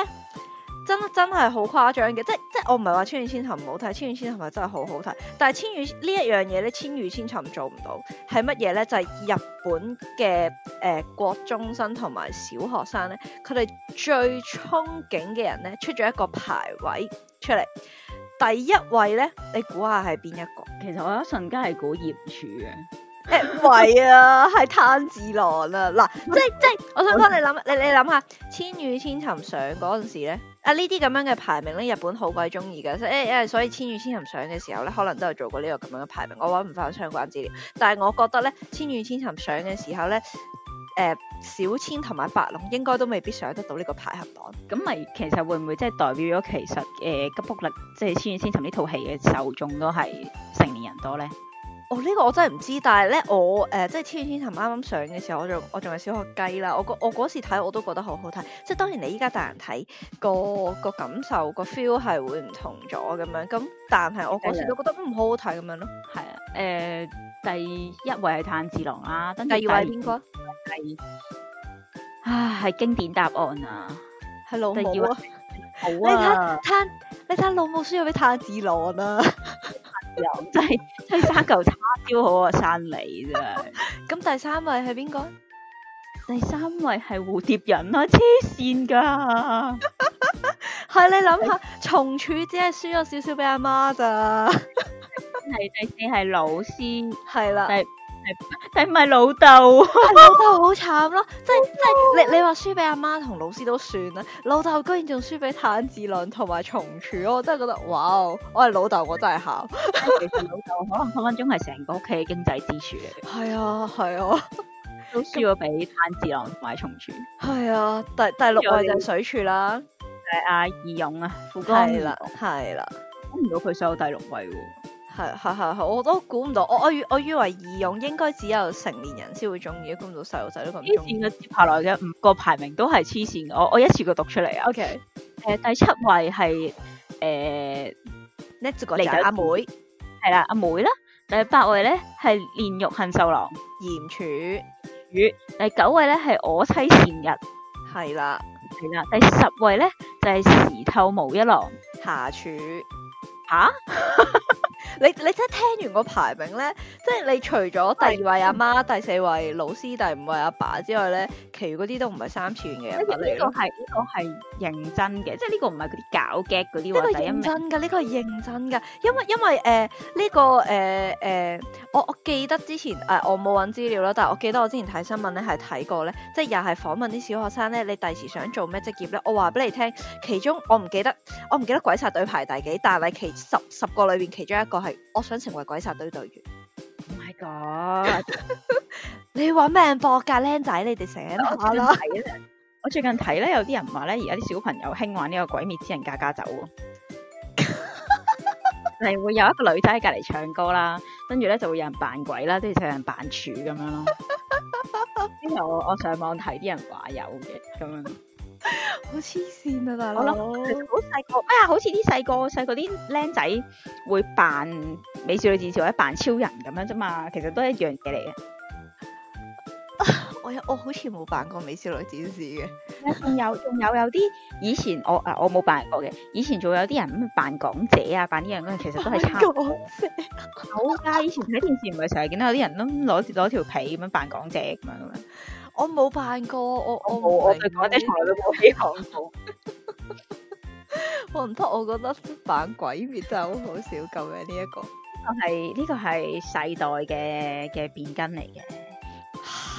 真真係好誇張嘅，即即我唔係話《千與千尋》唔好睇，《千與千尋》係真係好好睇。但係《千與》呢一樣嘢咧，《千與千尋》做唔到係乜嘢咧？就係、是、日本嘅誒、呃、國中生同埋小學生咧，佢哋最憧憬嘅人咧，出咗一個排位出嚟，第一位咧，你估下係邊一個？其實我一瞬間係估葉處嘅，誒 位、欸、啊，係炭治郎啊，嗱，即即我想講你諗， 你你諗下《千與千尋》上嗰陣時咧。啊！呢啲咁樣嘅排名咧，日本好鬼中意㗎，所以，千與千尋上嘅時候咧，可能都有做過呢個咁樣嘅排名。我揾唔翻相關資料，但係我覺得咧，千與千尋上嘅時候咧，誒、呃、小千同埋白龍應該都未必上得到呢個排行榜。咁咪其實會唔會即係代表咗其實誒、呃、吉卜力即係千與千尋呢套戲嘅受眾都係成年人多咧？哦，呢、這個我真係唔知，但係咧我誒、呃，即係《千千尋啱啱上嘅時候，我仲我仲係小學雞啦。我我嗰時睇我都覺得好好睇，即係當然你依家大人睇個個感受個 feel 係會唔同咗咁樣。咁但係我嗰時都覺得唔好好睇咁樣咯。係啊，誒、呃，第一位係炭治郎啦、啊，第，第二位係邊個？係，啊，係、啊、經典答案啊，係老母啊， 好啊你睇你睇老母需要畀炭治郎啦、啊。 真係真係生舊叉燒好啊，生你啫！咁第三位係邊個？第三位係蝴蝶人咯、啊，黐線噶！係 你諗下， 松鼠只係輸咗少少俾阿媽咋？係 第四係老師，係啦 的。你唔係老豆，老豆好慘咯！即係即係你你話輸俾阿媽同老師都算啦，老豆居然仲輸俾炭治郎同埋松柱，我真係覺得哇！我係老豆，我真係喊。其實老豆 可能分分鐘係成個屋企經濟支柱嚟。嘅、 啊。係啊係啊，都輸咗俾炭治郎同埋松柱。係 啊，第第六位就係水柱、嗯啊、啦，係阿義勇啊，富岡係啦係啦，估唔啦 到佢上有第六位。係係係係，我都估唔到，我我我以為義勇應該只有成年人先會中意，估唔到細路仔都咁中。黐線嘅接下嚟嘅五個排名都係黐線，我我一次過讀出嚟。O K，誒第七位係誒呢個就係阿妹，係啦阿妹啦。第八位咧係煉獄杏壽郎炎柱宇，誒柱九位咧係我妻善逸，係啦係啦。第十位咧就係時透無一郎霞柱柱吓。啊 你你即係聽完個排名咧，即係你除咗第二位阿媽、 第四位老師、第五位阿爸，爸之外咧，其餘嗰啲都唔係三次元嘅。呢個係呢、這個係認真嘅，即係呢個唔係啲搞 gag 嗰啲。呢個認真噶，呢、這個係認真噶，因為因為誒呢、呃這個誒誒、呃呃，我我記得之前誒、呃、我冇揾資料啦，但係我記得我之前睇新聞咧係睇過咧，即係又係訪問啲小學生咧，你第時想做咩職業咧？我話俾你聽，其中我唔記得我唔記得鬼殺隊排第幾，但係其十十個裏邊其中一個係我想成為鬼殺隊隊員，唔係噶，你玩命搏噶，僆仔，你哋醒下啦！我最近睇咧，有啲人話咧，而家啲小朋友興玩呢個鬼滅之人家家酒，係 會有一個女仔喺隔籬唱歌啦，跟住咧就會有人扮鬼啦，跟住就有人扮柱咁樣咯。之後 我，我上網睇啲人話有嘅咁樣。好黐線啊！大佬，哦，好細個咩呀？好似啲細個細個啲僆仔，會扮美少女戰士或者扮超人咁樣啫嘛，其實都一樣嘢嚟嘅。我有我好似冇扮過美少女戰士嘅。仲有仲有有啲以前我誒我冇扮過嘅，以前仲有啲人咁扮港姐啊，扮呢樣嗰樣，其實都係差唔多。港姐有啊！以前睇電視唔係成日見到有啲人都攞攞條被咁樣扮港姐咁樣咁樣。我冇扮過，我我冇，我哋我哋從來都冇起行過。我唔得，我覺得扮鬼滅真係好少咁嘅。呢、這、一個，係呢個係、這個、世代嘅嘅變更嚟嘅。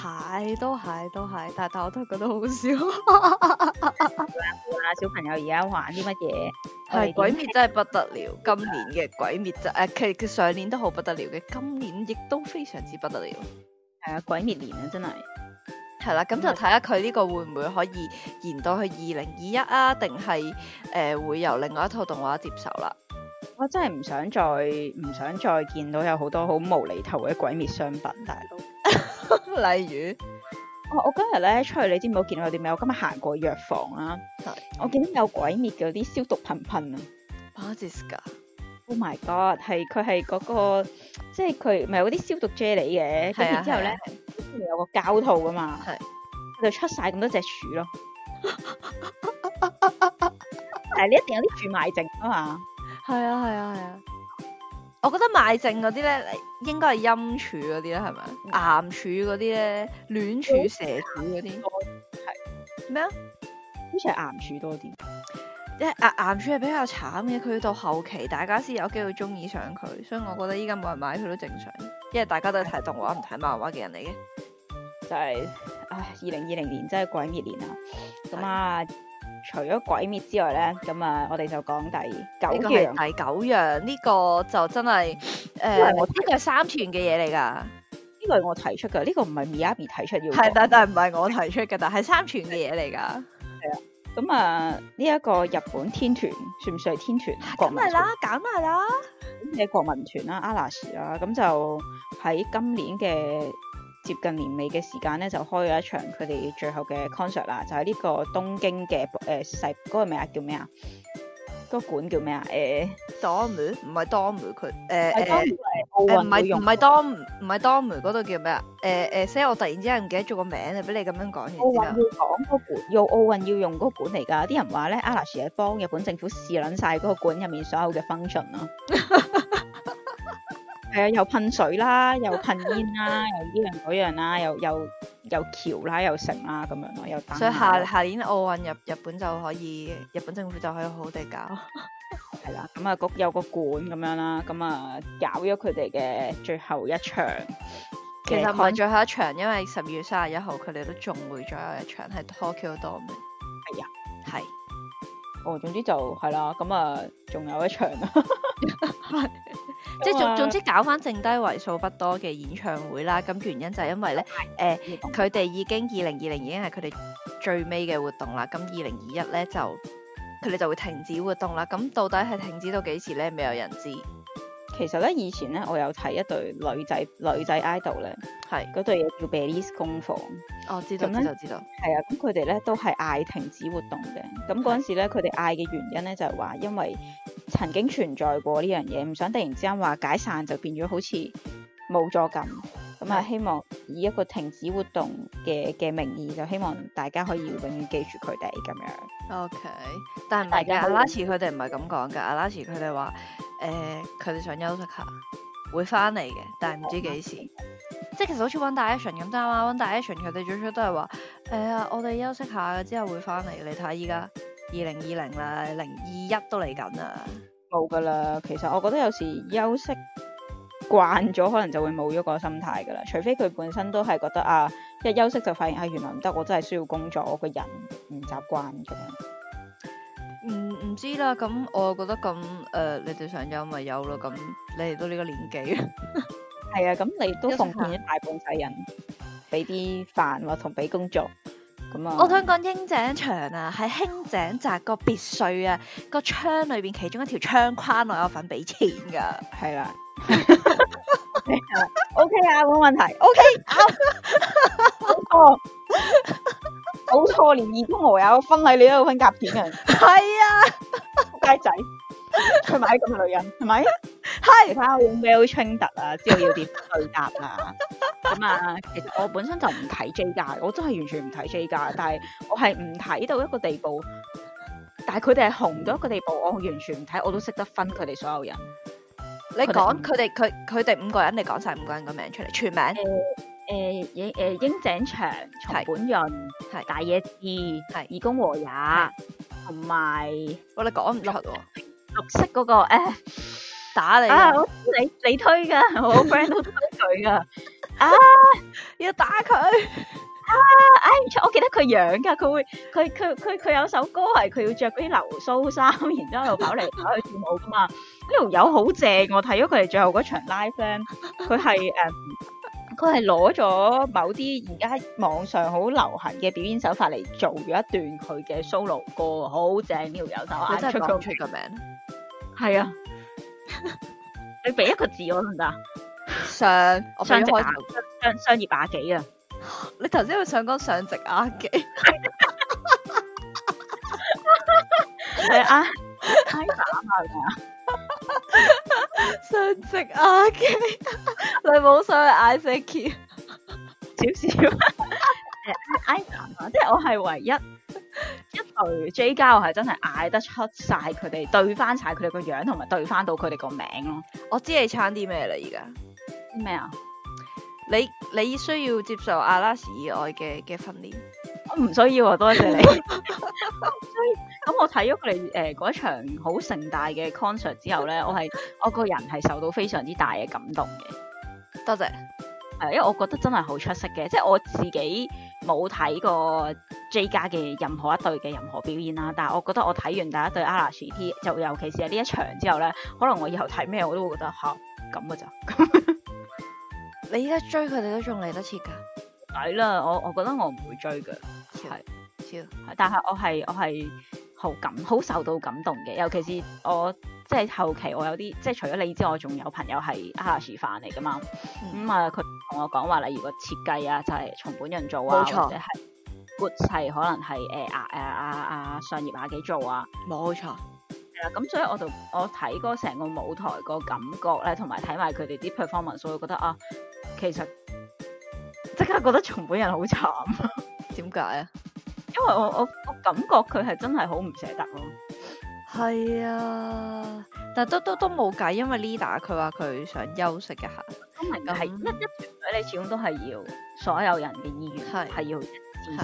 係都係都係，但但我都係覺得好少。講 小朋友而家玩啲乜嘢？係是鬼滅真係不得了，今年嘅鬼滅就誒，佢、呃、上年都好不得了嘅，今年亦都非常之不得了。係啊，鬼滅年啊，真係。係啦，咁就睇下佢呢個會唔會可以延到去二零二一啊？定係誒會由另外一套動畫接受啦。我真係唔想再唔想再見到有好多好無厘頭嘅鬼滅商品，大佬。例如，我我今日咧，出去，你知唔好見到佢哋咩？我今日行過藥房啊，對我見到有鬼滅嗰啲消毒噴噴。Bazza，Oh my God！係佢係嗰個，即係佢唔係有啲消毒啫喱嘅，跟住之後咧。有個教徒噶嘛，就的出晒咁多隻柱咯。誒 你一定有啲柱賣剩啊嘛。係啊， 係啊，係啊。我覺得賣剩嗰啲咧，應該係音柱嗰啲啦，係咪？岩柱嗰啲咧，戀柱、蛇柱嗰啲，係咩啊？好似係岩柱多啲。一岩岩柱係比較慘嘅，佢到後期大家先有機會中意上佢，所以我覺得依家冇人買佢都正常。因為大家都係睇動畫唔睇漫畫嘅人嚟嘅。就係、是，唉，二零二零年真係鬼滅年啊！咁啊的、嗯，除咗鬼滅之外咧，咁、嗯、啊，我哋就講第九樣，第九樣呢、這個就真係，誒、呃，呢個係三全嘅嘢嚟噶。呢個我提出噶，呢、這個唔係 Miyabi 提出要。係係但係唔係我提出噶，但係三全嘅嘢嚟噶。係啊，咁啊，呢一、嗯嗯嗯嗯這個日本天團，算唔算係天團？咁係、啊、啦，梗係啦。咁嘅國民團啦 Arashi 啦，咁、啊啊啊、就喺今年嘅。接近年尾嘅時間咧，就開咗一場佢哋最後嘅 concert 啦，就喺呢個東京嘅誒細嗰個名啊叫咩啊？嗰個館叫咩啊？誒 domu 唔係 domu 佢誒誒，唔係唔係 dom 唔係 domu 嗰度叫咩啊？誒、欸、誒、呃，所以我突然之間唔記得咗個名啊，俾你咁樣講先。奧運要講個館，用奧運要用嗰個館嚟㗎。啲人話咧，Arashi 係幫日本政府試撚晒嗰個館入面所有嘅 function 咯。 係啊、嗯，又噴水啦，又噴煙啦， 又呢樣嗰樣啦，又又又橋啦，又城啦，咁樣咯，又等。所以下下年奧運入日本就可以，日本政府就可以好好地搞。係 啦，咁啊，有個館咁樣啦，咁啊，搞咗佢哋嘅最後一場。 其實唔係最後一場，因為十二月三十一號佢哋都仲會再有一場係 Tokyo Dome。係啊，係呀。是哦，總之就係啦，咁啊，仲有一場。 即係總總之搞翻剩低為數不多嘅演唱會啦，咁原因就係因為咧，誒佢哋已經二零二零已經係佢哋最尾嘅活動啦，咁二零二一咧就佢哋就會停止活動啦。咁到底係停止到幾時咧？未有人知。其實咧，以前咧我有睇一對女仔女仔 idol 咧，係嗰是對嘢叫 BTS 工坊。哦，知道知道知道，係啊，咁佢哋咧都係嗌停止活動嘅。咁嗰陣時咧，佢哋嗌嘅原因咧就係話因為。曾經存在過呢樣嘢，唔想突然之間話解散就變咗好似冇咗咁，咁啊希望以一個停止活動嘅嘅名義，就希望大家可以永遠記住佢哋咁樣。OK，但係唔係嘅，阿拉治佢哋唔係咁講嘅，阿拉治佢哋話誒佢哋想休息下，會返嚟嘅，但係唔知幾時。即係其實好似搵 direction 咁，啱啱搵 direction 佢哋最初都係話，誒、哎、啊，我哋休息下之後會翻嚟。你睇依家二零二零啦，零二一都嚟緊啦，冇噶啦。其實我覺得有時休息慣咗，可能就會冇咗個心態噶啦。除非佢本身都係覺得啊，一休息就發現，哎，原來唔得，我真係需要工作，我個人唔習慣嘅。唔唔、嗯、知啦，咁我覺得咁，誒、呃，你哋想休咪休咯，咁你哋都呢個年紀。 係啊，咁你都奉獻一大半世人，俾啲飯或同俾工作咁啊。我想講櫻井翔啊，喺櫻井宅個別墅啊個窗裏邊，其中一條窗框我有份俾錢噶，係啦。O K 啊，冇問題。O K 啊，哦，冇錯，連二宮和也有婚禮你都有份夾片嘅，係啊，街仔。佢 買咁嘅女人係咪？係睇下有咩好衝突啊，知道要點對答啊？咁 啊，其實我本身就唔睇 J 噶，我真係完全唔睇 J 噶。但係我係唔睇到一個地步，但係佢哋係紅咗一個地步，我完全唔睇，我都識得分佢哋所有人。 你講佢哋佢佢哋五個人，你講晒五個人個名出嚟，全名誒誒英誒櫻井翔、松本潤係是大野智係二宮和也同埋我哋講唔出。綠色嗰個誒打你啊！我你你推噶，我 friend 都推佢噶。啊，要打佢啊！哎，我記得佢樣噶，佢會佢佢佢佢有首歌係佢要着嗰啲流蘇衫，然之後喺度跑嚟跑去跳舞噶嘛。呢條友好正，我睇咗佢哋最後嗰場 live，friend 佢係誒，佢係攞咗某啲而家網上好流行嘅表演手法嚟做咗一段佢嘅 solo 歌，好正！呢條友就真係出個名。係啊，你俾一個字我得唔得啊？上上集商商業阿幾啊？你頭先佢上講上集阿幾，係啊，I 傻啊，上集阿幾，你冇上去 I think you，少少，I 傻啊，即係我係唯一。一隊 J 家我係真係嗌得出晒佢哋對翻晒佢哋個樣，同埋對翻到佢哋個名咯。我知你差啲咩啦，而家咩啊？你你需要接受阿拉士以外嘅嘅訓練？我唔需要，多謝你。咁，我睇咗佢哋誒嗰一場好盛大嘅 concert 之後咧， 我係我個人係受到非常之大嘅感動嘅。多謝。係，因為我覺得真係好出色嘅，即係我自己。冇睇過 J 家嘅任何一隊嘅任何表演啦，但係我覺得我睇完第一隊阿拉士 T 就，尤其是係呢一場之後咧，可能我以後睇咩我都會覺得吓咁嘅咋。啊、而 你依家追佢哋都仲嚟得切噶？係啦，我我覺得我唔會追嘅，係超，是超但係我係我係。好感好受到感動嘅，尤其是我即係後期我有啲即係除咗你之外，仲有朋友係阿廚飯嚟噶嘛。咁啊、嗯，佢同、嗯、我講話，例如個設計啊，就係、是、從本人做啊，錯或者係活 o 可能係誒啊誒啊，阿尚業阿幾做啊，冇錯。係啦、嗯，咁所以我就我睇嗰成個舞台個感覺咧，同埋睇埋佢哋啲 performance，我覺得啊，其實即刻覺得從本人好慘，點解啊？因為我我我感覺佢係真係好唔捨得咯，係啊，但都都都冇計，因為 leader 佢話佢想休息一下，咁係、嗯、一一團隊，你始終都係要所有人嘅意願係係要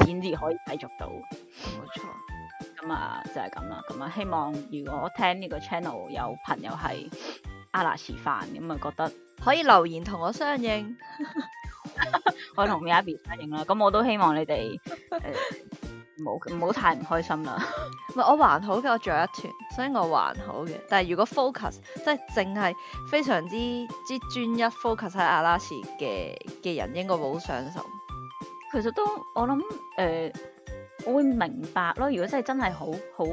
先至是的 可以繼續到，冇錯是的。咁啊就係咁啦，咁啊希望如果聽呢個 channel 有朋友係阿拉示範咁啊，覺得可以留言同我相應，我同 Miyabi 相應啦。咁我都希望你哋。呃 冇，唔好太唔開心啦，唔 係 我還好嘅，我仲有一團，所以我還好嘅。但係如果 focus 即係淨係非常之之專一 focus 喺阿拉士嘅嘅人，應該會好傷心。 其實都我諗誒、呃，我會明白咯。如果真係真係好好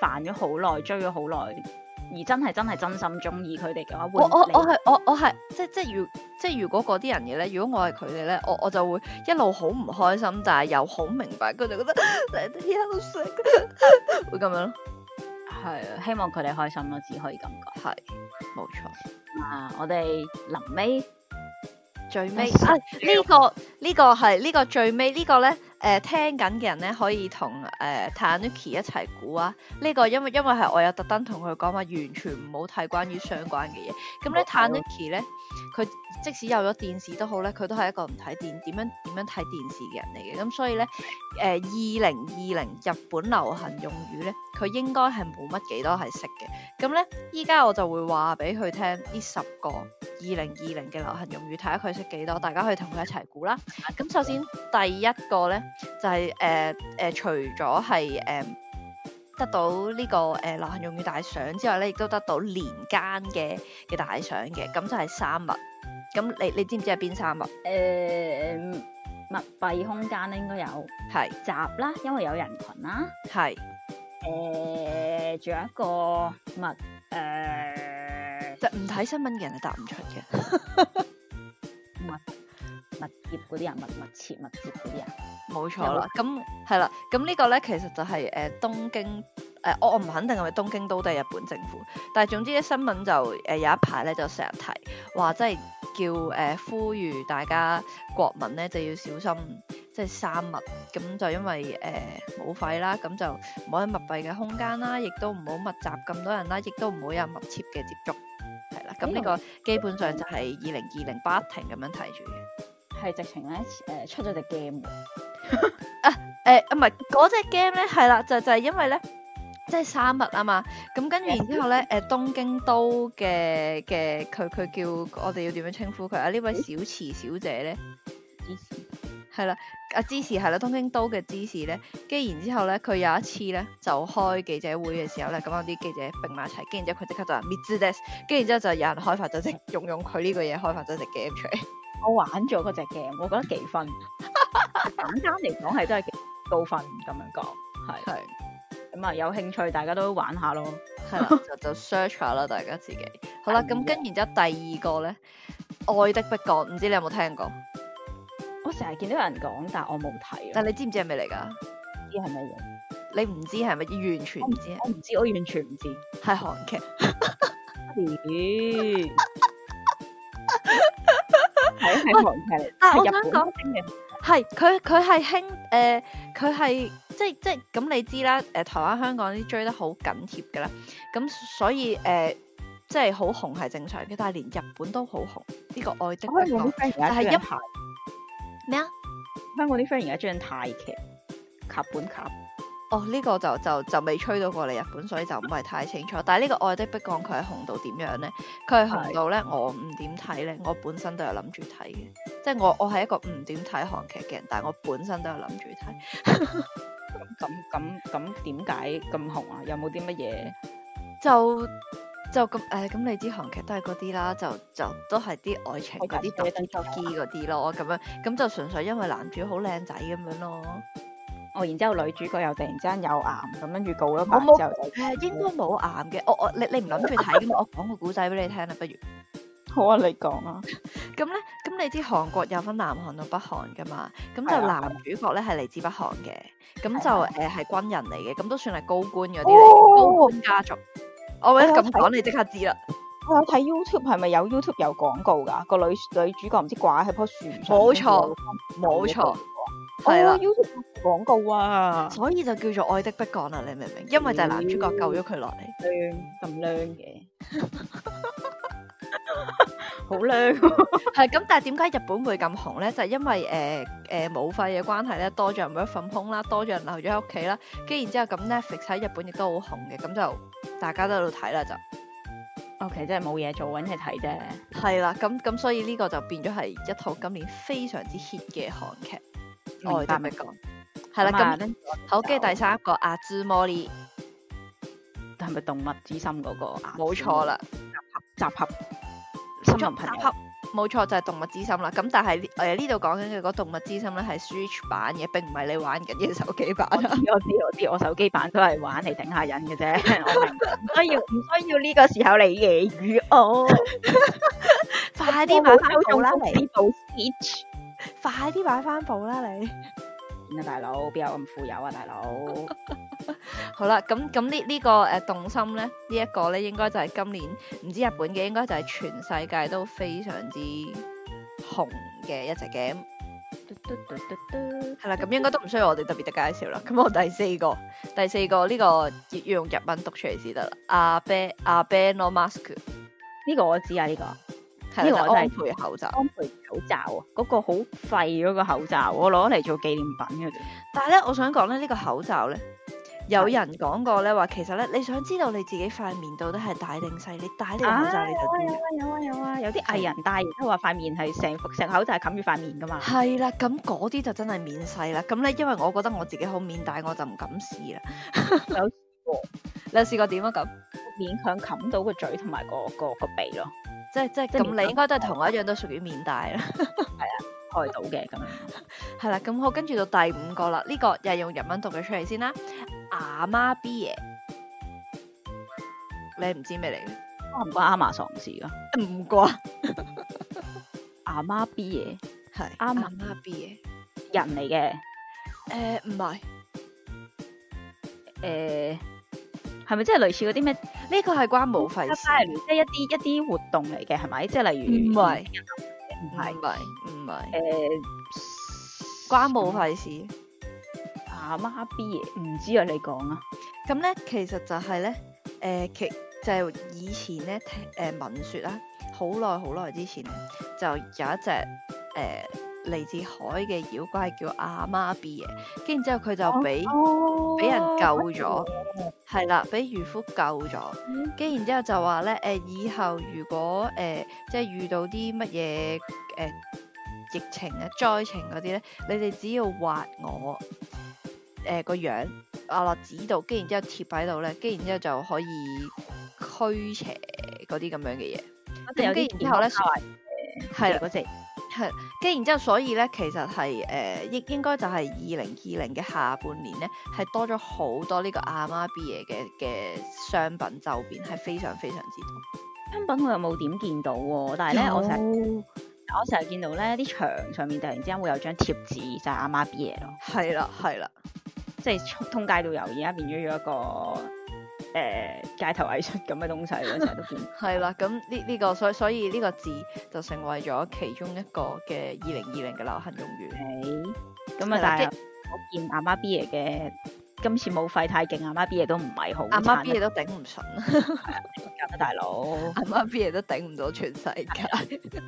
煩咗好耐，追咗好耐。而真係真係真心中意佢哋嘅話，會，我我我係我我係即即如即如果嗰啲人嘅咧，如果我係佢哋咧，我我就會一路好唔開心，但係又好明白佢哋覺得一路食會咁樣咯。係啊，希望佢哋開心咯，只可以咁講。係，冇錯。嗱、啊，我哋臨尾最尾呢、呢個呢個呢個係呢個最尾呢個咧。誒、呃、聽緊嘅人咧，可以同誒、呃、Tanuki 一齊估啊！呢、這個因為因為係我有特登同佢講話，完全唔好睇關於相關嘅嘢。咁咧，Tanuki 咧，佢。即使有咗電視都好咧，佢都係一個唔睇電點樣點樣睇電視嘅人嚟嘅。咁所以咧，誒二零二零日本流行用語咧，佢應該係冇乜幾多係識嘅。咁咧，依家我就會話俾佢聽呢十個二零二零嘅流行用語，睇下佢識幾多。大家可以同佢一齊估啦。咁首先第一個咧就係誒誒，除咗係誒得到呢、這個誒、呃、流行用語大賞之外咧，亦都得到年間嘅嘅大賞嘅，咁就係三物。咁你你知唔知係邊三啊？誒密閉空間咧應該有，係係集啦，因為有人群啦，係誒仲有一個密誒，密呃、就唔睇新聞嘅人係答唔出嘅，密密接嗰啲人，密密切密接嗰啲人，冇錯啦。咁係啦，咁呢個咧其實就係、係、誒、呃、東京誒、呃，我我唔肯定係咪東京都都係日本政府，但係總之啲新聞就誒、呃、有一排咧就成日提，哇即係～叫誒、呃、呼籲大家國民咧就要小心，即係生物咁就因為誒冇肺啦，咁就唔好喺密閉嘅空間啦，亦都唔好密集咁多人啦，亦都唔好有密切嘅接觸，係啦。咁呢個基本上就係二零二零不停咁樣睇住，嘅、那個。係直情咧誒出咗隻 game 嘅啊誒唔係嗰隻 game 咧係啦，就就係、是、因為咧。即係三密啊嘛，咁跟住然之後咧，誒，東京都嘅、嘅佢佢叫我哋要點樣稱呼佢啊？呢位小池小姐咧，係啦，阿芝士係啦、啊，東京都嘅芝士咧，跟住然之後咧，佢有一次咧就開記者會嘅時候咧，咁啊啲記者並埋一齊，跟住之後佢即刻就話密です，跟住之後就有人開發咗隻用用佢呢個嘢開發咗隻 game 出嚟。 我玩咗嗰隻 game，我覺得幾分。簡單嚟講係真係幾高分咁樣講，係係。咁啊，有興趣大家都玩下咯，係啦，就就 search 下啦，大家自己。好啦，咁跟然之後第二個咧，《愛的迫降》，唔知你有冇聽過？我成日見到有人講，但我冇睇。但你知唔知係咩嚟噶？唔知係咩嘢？你唔知係咪？完全唔知。我唔知，我完全唔知。係韓劇。咦？係啊，係韓劇。我想講，係佢佢係興誒，佢係。即係即係，咁你知啦，誒台灣香港啲追得好緊貼嘅啦，咁所以誒、呃、即係好紅係正常嘅，但係連日本都好紅呢、這個愛的迫降。香港啲 friend 咩啊？香港啲 friend 而家追緊泰劇，卡本卡。哦呢、這個就就就未吹到過嚟日本，所以就唔係太清楚。但係呢個愛的迫降佢係紅到點樣呢？佢係紅到呢，的我唔點睇呢。我本身都有諗住睇嘅，即係我我係一個唔點睇韓劇嘅人，但係我本身都有諗住睇。 咁咁咁點解咁紅啊？有冇啲乜嘢？就就咁誒，咁你知韓劇都係嗰啲啦，就就都係啲愛情嗰啲多啲多啲嗰啲咯，咁樣咁就純粹因為男主好靚仔咁樣咯。哦，然之後女主角又突然間有癌，咁跟住告啦嘛之後就誒，應該冇癌嘅。我我你你唔諗住睇噶嘛？我講個古仔俾你聽啦，不如。好啊，你講啊。咁咧。你知韓國有分南韓同北韓噶嘛？咁就男主角咧係嚟自北韓嘅，咁就誒係軍人嚟嘅，咁都算係高官嗰啲嚟嘅，高官家族。我俾咁講，你即刻知啦。我有睇 YouTube 係咪有 YouTube 有廣告噶？個女女主角唔知掛喺棵樹上。冇錯，冇錯，係啊！YouTube 有廣告啊，所以就叫做愛的迫降啦，你明唔明？因為就係男主角救咗佢落嚟，咁靚嘅。 好靚係咁，但係點解日本會咁紅咧？就係因為誒誒，武肺嘅關係咧，多咗人 work from home 啦，多咗人留咗喺屋企啦，跟然之後咁 Netflix 喺日本亦都好紅嘅，咁就大家都喺度睇啦，就 OK，即係冇嘢做，搵嘢睇啫。係啦， 咁咁所以呢個就變咗係一套今年非常之 hit 嘅韓劇。明白咪講？係啦，咁好，跟住第三個阿朱摩莉，係咪動物之森嗰個？冇錯啦，集合，集合。冇錯就係、是、動物之心啦。咁但係誒呢度講緊嘅嗰動物之心咧係 Switch 版嘅，並唔係你玩緊嘅手機版啦。我知我知，我知我手機版都係玩嚟頂下癮嘅啫， 我唔需要唔需要呢個時候嚟揶揄我。 快啲買翻部啦， 你！快啲買翻部啦，你！啊大佬，邊有咁富有啊，大佬？ 好啦，咁咁、這個、呢、這個、呢個誒動森咧呢一個咧，應該就係今年唔知日本嘅，應該就係全世界都非常之紅嘅一隻 game。係啦，咁應該都唔需要我哋特別嘅介紹啦。咁、嗯、 我第四個，第四個呢、這個要用日文讀出嚟先得啦。阿 Ben 阿 Ben no Mask 呢個我知啊，呢、這個呢個、就是、安倍口罩，安倍口罩嗰、那個好廢嗰個口罩，我攞嚟做紀念品嘅。但係咧，我想講咧呢、這個口罩咧。 有人講過咧話，其實咧你想知道你自己塊面到底係大定細，你戴呢個口罩你就知、啊。有啊有啊有啊有啲、啊、藝人戴完之後話塊面係成成口就係冚住塊面噶嘛。係啦，咁嗰啲就真係面細啦。咁咧，因為我覺得我自己好面大，我就唔敢試啦。 有試過，你有試過點啊？咁勉強冚到嘴、那個嘴同埋個個個鼻咯，即即咁是，你應該都係同我一樣，都屬於面大啦。係 啊，蓋到嘅咁樣。係啦，咁好，跟住到第五個啦，呢、這個又用日文讀嘅出嚟先啦。阿媽 B 嘢，你唔知咩嚟？唔關阿媽喪事噶，唔關。阿媽 B 嘢係阿媽 B 嘢人嚟嘅。誒，唔係。誒，係咪即係類似嗰啲咩？呢個係關冇費事，即係一啲一啲活動嚟嘅，係咪？即係例如唔係，唔係，唔係。誒，關冇費事。阿、啊、媽 B 爺唔知啊，你講啊。咁咧，其實就係咧，誒、呃，其就係、是、以前咧，誒，聞、呃、說啦，好耐好耐之前咧，就有一隻誒，嚟、呃、自海嘅妖怪叫阿媽 B 爺。跟住之後佢就俾俾、啊、人救咗，係啦、啊，俾漁夫救咗。跟住然之後就話咧，誒、呃，以後如果誒、呃，即係遇到啲乜嘢誒，疫情啊、災情嗰啲咧，你哋只要挖我。誒個樣啊落紙度，跟然之後貼喺度咧，跟然之後就可以驅邪嗰啲咁樣嘅嘢。跟有之奇怪。係啦、hmm.，只係。跟然之後，所以咧，其實係誒應應該就係二零二零嘅下半年咧，係多咗好多呢個阿媽 B 耶嘅嘅商品周邊，係非常非常之多。商品我又冇點見到，但係咧我成日，我成日見到咧啲牆上面突然之間會有張貼紙就係阿媽 B 耶咯。係啦，係啦。即係通街度遊，而家變咗一個誒、呃、街頭藝術咁嘅東西，成日都見係啦。咁呢呢個所所以呢個字就成為咗其中一個嘅二零二零嘅流行用語。係咁啊！即係 我見阿媽 B 嚟嘅。今次冇費太勁，阿媽啲嘢都唔係好。阿媽啲嘢都頂唔順，係啊，大佬。阿媽啲嘢都頂唔到全世界。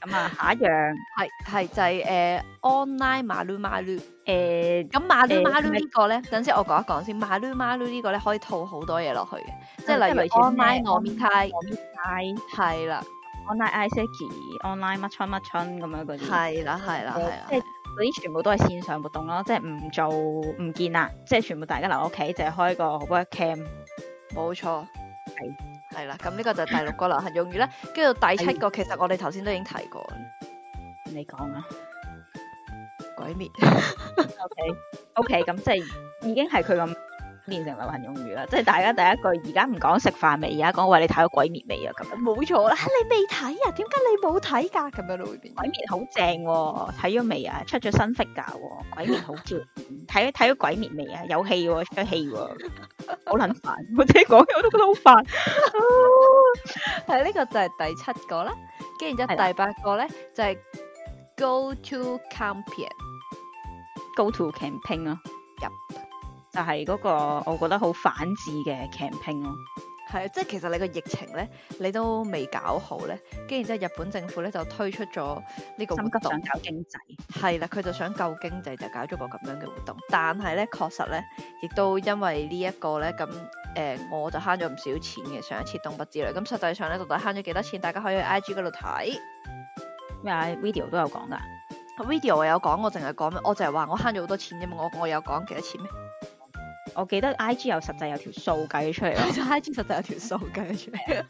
咁啊，下一樣係係就係誒，online 馬騮馬騮誒，咁馬騮馬騮呢個咧，等陣先我講一講先。馬騮馬騮呢個咧可以套好多嘢落去嘅，即係例如 online o n l i tie online tie 係啦，online i s e online 乜春乜春咁樣嗰啲，係啦係啦係啦。嗰啲全部都係線上活動咯，即係唔做唔見啦，即係全部大家留喺屋企，淨係開個 workcam，冇錯，係係啦，咁呢個就第六個流行 用語啦，跟住第七個其實我哋頭先都已經提過，你講啊，鬼滅 ，OK OK，咁即係已經係佢咁。變成流行用語啦，即係大家第一句，而家唔講食飯未，而家講，喂，你睇咗鬼滅未啊？咁樣，冇錯啦，你未睇啊？點解你冇睇噶？咁樣咯，鬼滅好正喎，睇咗未啊？出咗新色噶，鬼滅好潮，睇睇咗鬼滅未啊？有戲喎，出戲喎，好撚煩，我聽講我都覺得好煩。係呢個就係第七個啦，跟住然之後第八個咧就係、是、go to camping，go to camping 啊，y 就係嗰個，我覺得好反智嘅 campaign 咯，係啊，即係其實你個疫情咧，你都未搞好咧，跟住之後日本政府咧就推出咗呢個活動，急想搞經濟係啦，佢就想救經濟就搞咗個咁樣嘅活動，但係咧確實咧亦都因為呢一個咧咁誒，我就慳咗唔少錢嘅上一次東北之旅。咁實際上咧到底慳咗幾多錢？大家可以去 I G 嗰度睇咩 video 都有講㗎。video 我有講，我淨係講咩？我淨係話我慳咗好多錢啫嘛。我我有講幾多錢咩？我記得 I G 有實際有條數計咗出嚟，I G 實際有條數計咗出嚟 對，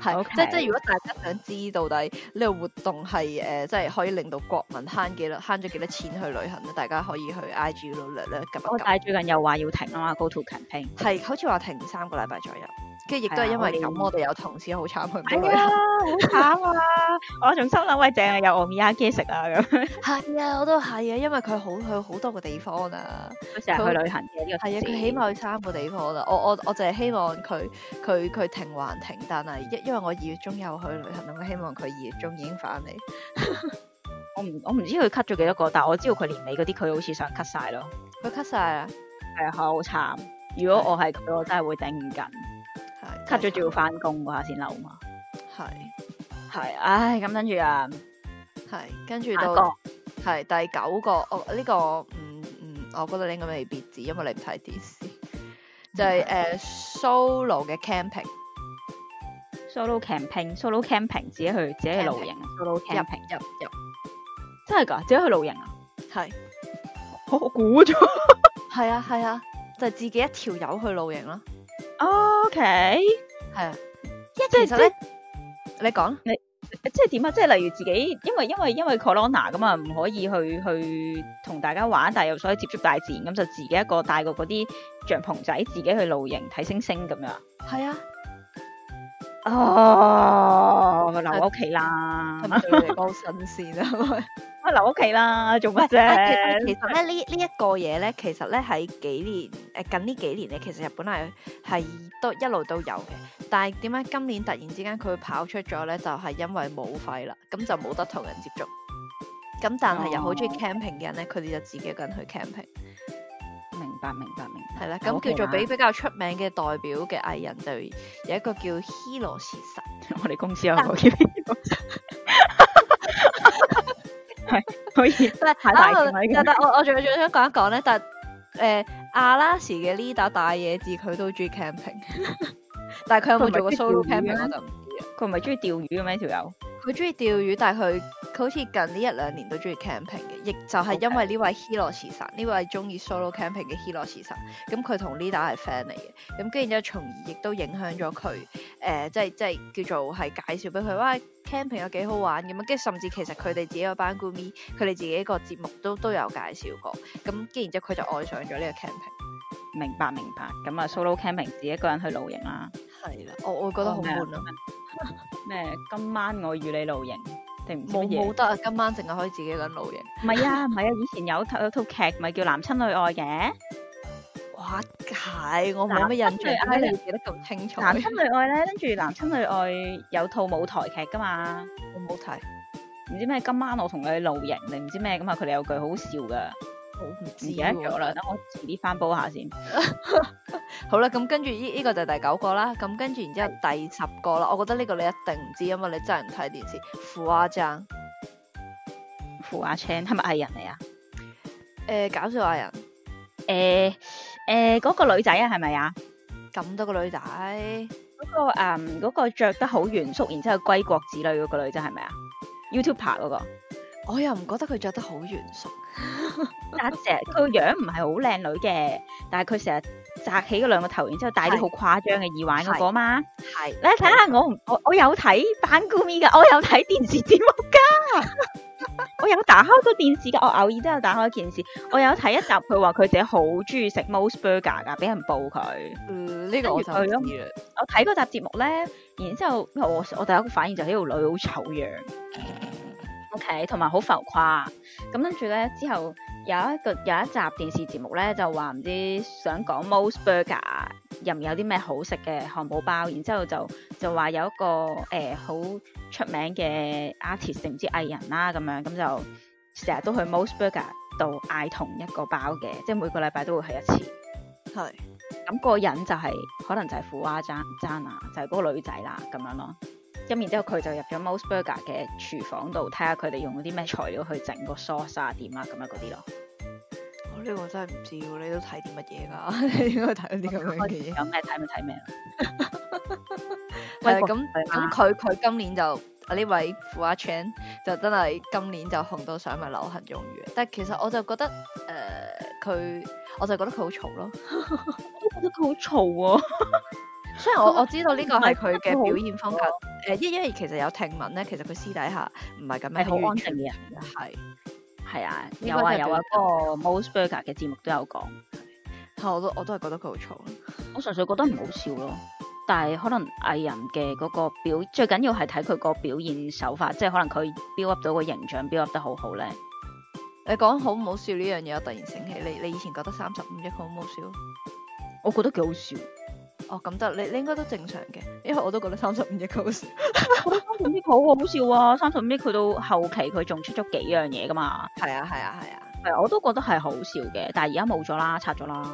係 Okay. 即即如果大家想知到底呢個活動係誒、呃，即係可以令到國民慳幾多慳咗幾多錢去旅行咧，大家可以去 I G 度略咧。咁我但係最近又話要停啊嘛 ，Go to Campaign，係好似話停三個禮拜左右。跟住亦都係因為咁，啊、我哋有同事好、嗯、慘去。係啊，慘啊！ 我仲心諗喂，淨係有 omiyage 食啊咁。係啊，我都係啊，因為佢好去 好，好多個地方啊，佢成日去旅行嘅。係啊，佢、這個啊、起碼去三個地方啦、啊啊。我我我淨係希望佢佢佢停還停，但係因因為我二月中又去旅行，咁我希望佢二月中已經翻嚟。 我唔我唔知佢 cut 咗幾多個，但係我知道佢年尾嗰啲，佢好似想 cut 晒咯。佢 cut 晒啊？係啊，好慘！如果我係佢，我真係會頂唔緊。 cut 咗仲要翻工嗰下先嬲嘛？係係是，唉，咁跟住啊，係跟住到係個第九個哦，呢、這個唔，唔、嗯嗯，我覺得你應該未必知，因為你唔睇電視，就係、是、誒、嗯 uh, solo 嘅 camping，solo camping，solo camping，自己去自己去露營，solo camping，真係噶，自己去露營啊？係我估咗，係啊係啊，就是、自己一條友去露營啦。OK，係啊，即係其實咧，你講，你即係點啊？即係例如自己，因為因為因為 Corona 噶啊唔可以去去同大家玩，但係又所以接觸大自然，咁就自己一個帶個嗰啲帳篷仔，自己去露營睇星星咁樣，係啊。哦，留屋企啦，好新鮮，喂留屋企啦，做乜啫？其實咧呢呢一個嘢咧，其實咧喺幾年誒，近呢幾年咧，其實日本係係都一路都有嘅。但係點解今年突然之間佢跑出咗咧，就係、是，因為武肺啦，咁就冇得同人接觸。咁但係又好中意 camping 嘅人咧，佢哋就自己一個人去 camping。明白明白明白，係啦，咁叫做比比較出名嘅代表嘅藝人就 有一個叫希羅士神，我哋公司有個叫希羅士，係 可以。但係我我最想講一講咧，但係誒、欸、阿拉什嘅呢打大野智，佢都中意 camping， 但係佢有冇做過 solo、啊、camping 我就唔知。佢唔係中意釣魚嘅咩？條友？佢中意釣魚，但係佢好似近呢一兩年都中意 camping 嘅，亦就係因為呢位希洛士神，呢位中意 solo camping 嘅希洛士神，咁佢同 l i d a 係 friend 嚟嘅，咁跟然之後從而亦都影響咗佢，誒即係即係叫做係介紹俾佢，哇 camping 有幾好玩咁啊！跟甚至其實佢哋自己嗰班 Gumi，佢哋自己個節目都都有介紹過，咁跟然之後佢就愛上咗呢個 camping。明白明白，咁啊 solo camping 自己一個人去露營啦。係啦，我我覺得好悶啊。嗯嗯嗯嗯。咩？今晚我與你露營定唔知咩？冇冇得啊！今晚淨係可以自己咁露營。唔係啊，唔係啊，以前有套有套劇，咪叫《男親女愛》嘅。哇！解我冇乜印象，記得咁清楚。男親女愛咧，跟住男親女愛有套舞台劇噶嘛，好唔好睇？唔知咩？今晚我同佢露營定唔知咩？咁啊，佢哋有句好好笑噶。唔知喎，等我遲啲翻煲下先。好啦，咁跟住呢依個就第九個啦。咁跟住然之後第十個啦。我覺得呢個你一定唔知嘛，因為你真係唔睇電視。傅阿張、傅阿青係咪藝人嚟啊？誒、欸，搞笑藝人。誒誒、欸，嗰、欸嗰個女仔係咪啊？咁多個女仔，嗰、嗰個誒，嗯嗰個着得好嚴肅，然之後歸國子女嗰個女仔係咪啊？YouTuber 嗰、嗰個，我又唔覺得佢着得好嚴肅。阿姐佢個樣唔係好靚女嘅，但係佢成日紮起嗰兩個頭，然之後戴啲好誇張嘅耳環嗰個嘛。係，你睇下我，我我有睇《BanGumi》噶，我有睇電視節目噶， 我有打開個電視噶，我偶爾都有打開電視。我有睇一集，佢話佢自己好中意食 Moss Burger 噶，俾人報佢。呢、嗯，這個就我就知啦、嗯。我睇嗰集節目咧，然之後我我第一個反應就係呢條女好醜樣。OK，同埋好浮誇。咁跟住咧之後。之後有一個有一集電視節目咧，就話唔知想講 Mos Burger 入面有啲咩好食嘅漢堡包，然之後就就話有一個誒好、呃、出名嘅 artist 定唔知藝人啦咁樣，咁就成日都去 Mos Burger 度嗌同一個包嘅，即係每個禮拜都會去一次。係是，咁個人就係、是、可能就係富娃爭爭啊，就係、是、嗰個女仔啦咁樣咯。咁然之後佢就入咗 Mos Burger 嘅廚房度睇下佢哋用嗰啲咩材料去整個沙沙點啊咁樣嗰啲咯。哦、我呢個真係唔知喎，你都睇啲乜嘢㗎？ 你應該睇啲咁樣嘅嘢。有咩睇咪睇咩？喂，咁咁佢佢今年就啊呢位 Fuwa-chan 就真係今年就紅到上咪流行用語。但係其實我就覺得誒佢、呃，我就覺得佢好嘈咯，我覺得佢好嘈喎。雖然我 我知道呢個係佢嘅表演風格，誒， 因為其實有聽聞咧，其實佢私底下唔係咁樣，係好安靜嘅人，係係啊，有啊有啊，個 Moss Burger 嘅節目都有講，係我，我都我都係覺得佢好嘈，我純粹覺得唔好笑咯，但係可能藝人嘅嗰個表，最緊要係睇佢個表現手法，即係可能佢 build up 到個形象 build up 得好呢好咧。你講好唔好笑呢樣嘢，我突然醒起，你你以前覺得三十五億好唔好笑？我覺得幾好笑。哦咁得你，你應該都正常嘅，因為我都覺得三十五億好笑。三十五億好好笑啊！三十五億佢到後期佢仲出咗幾樣嘢噶嘛？係啊係啊係啊，係、啊啊、我都覺得係好笑嘅，但係而家冇咗啦，拆咗啦。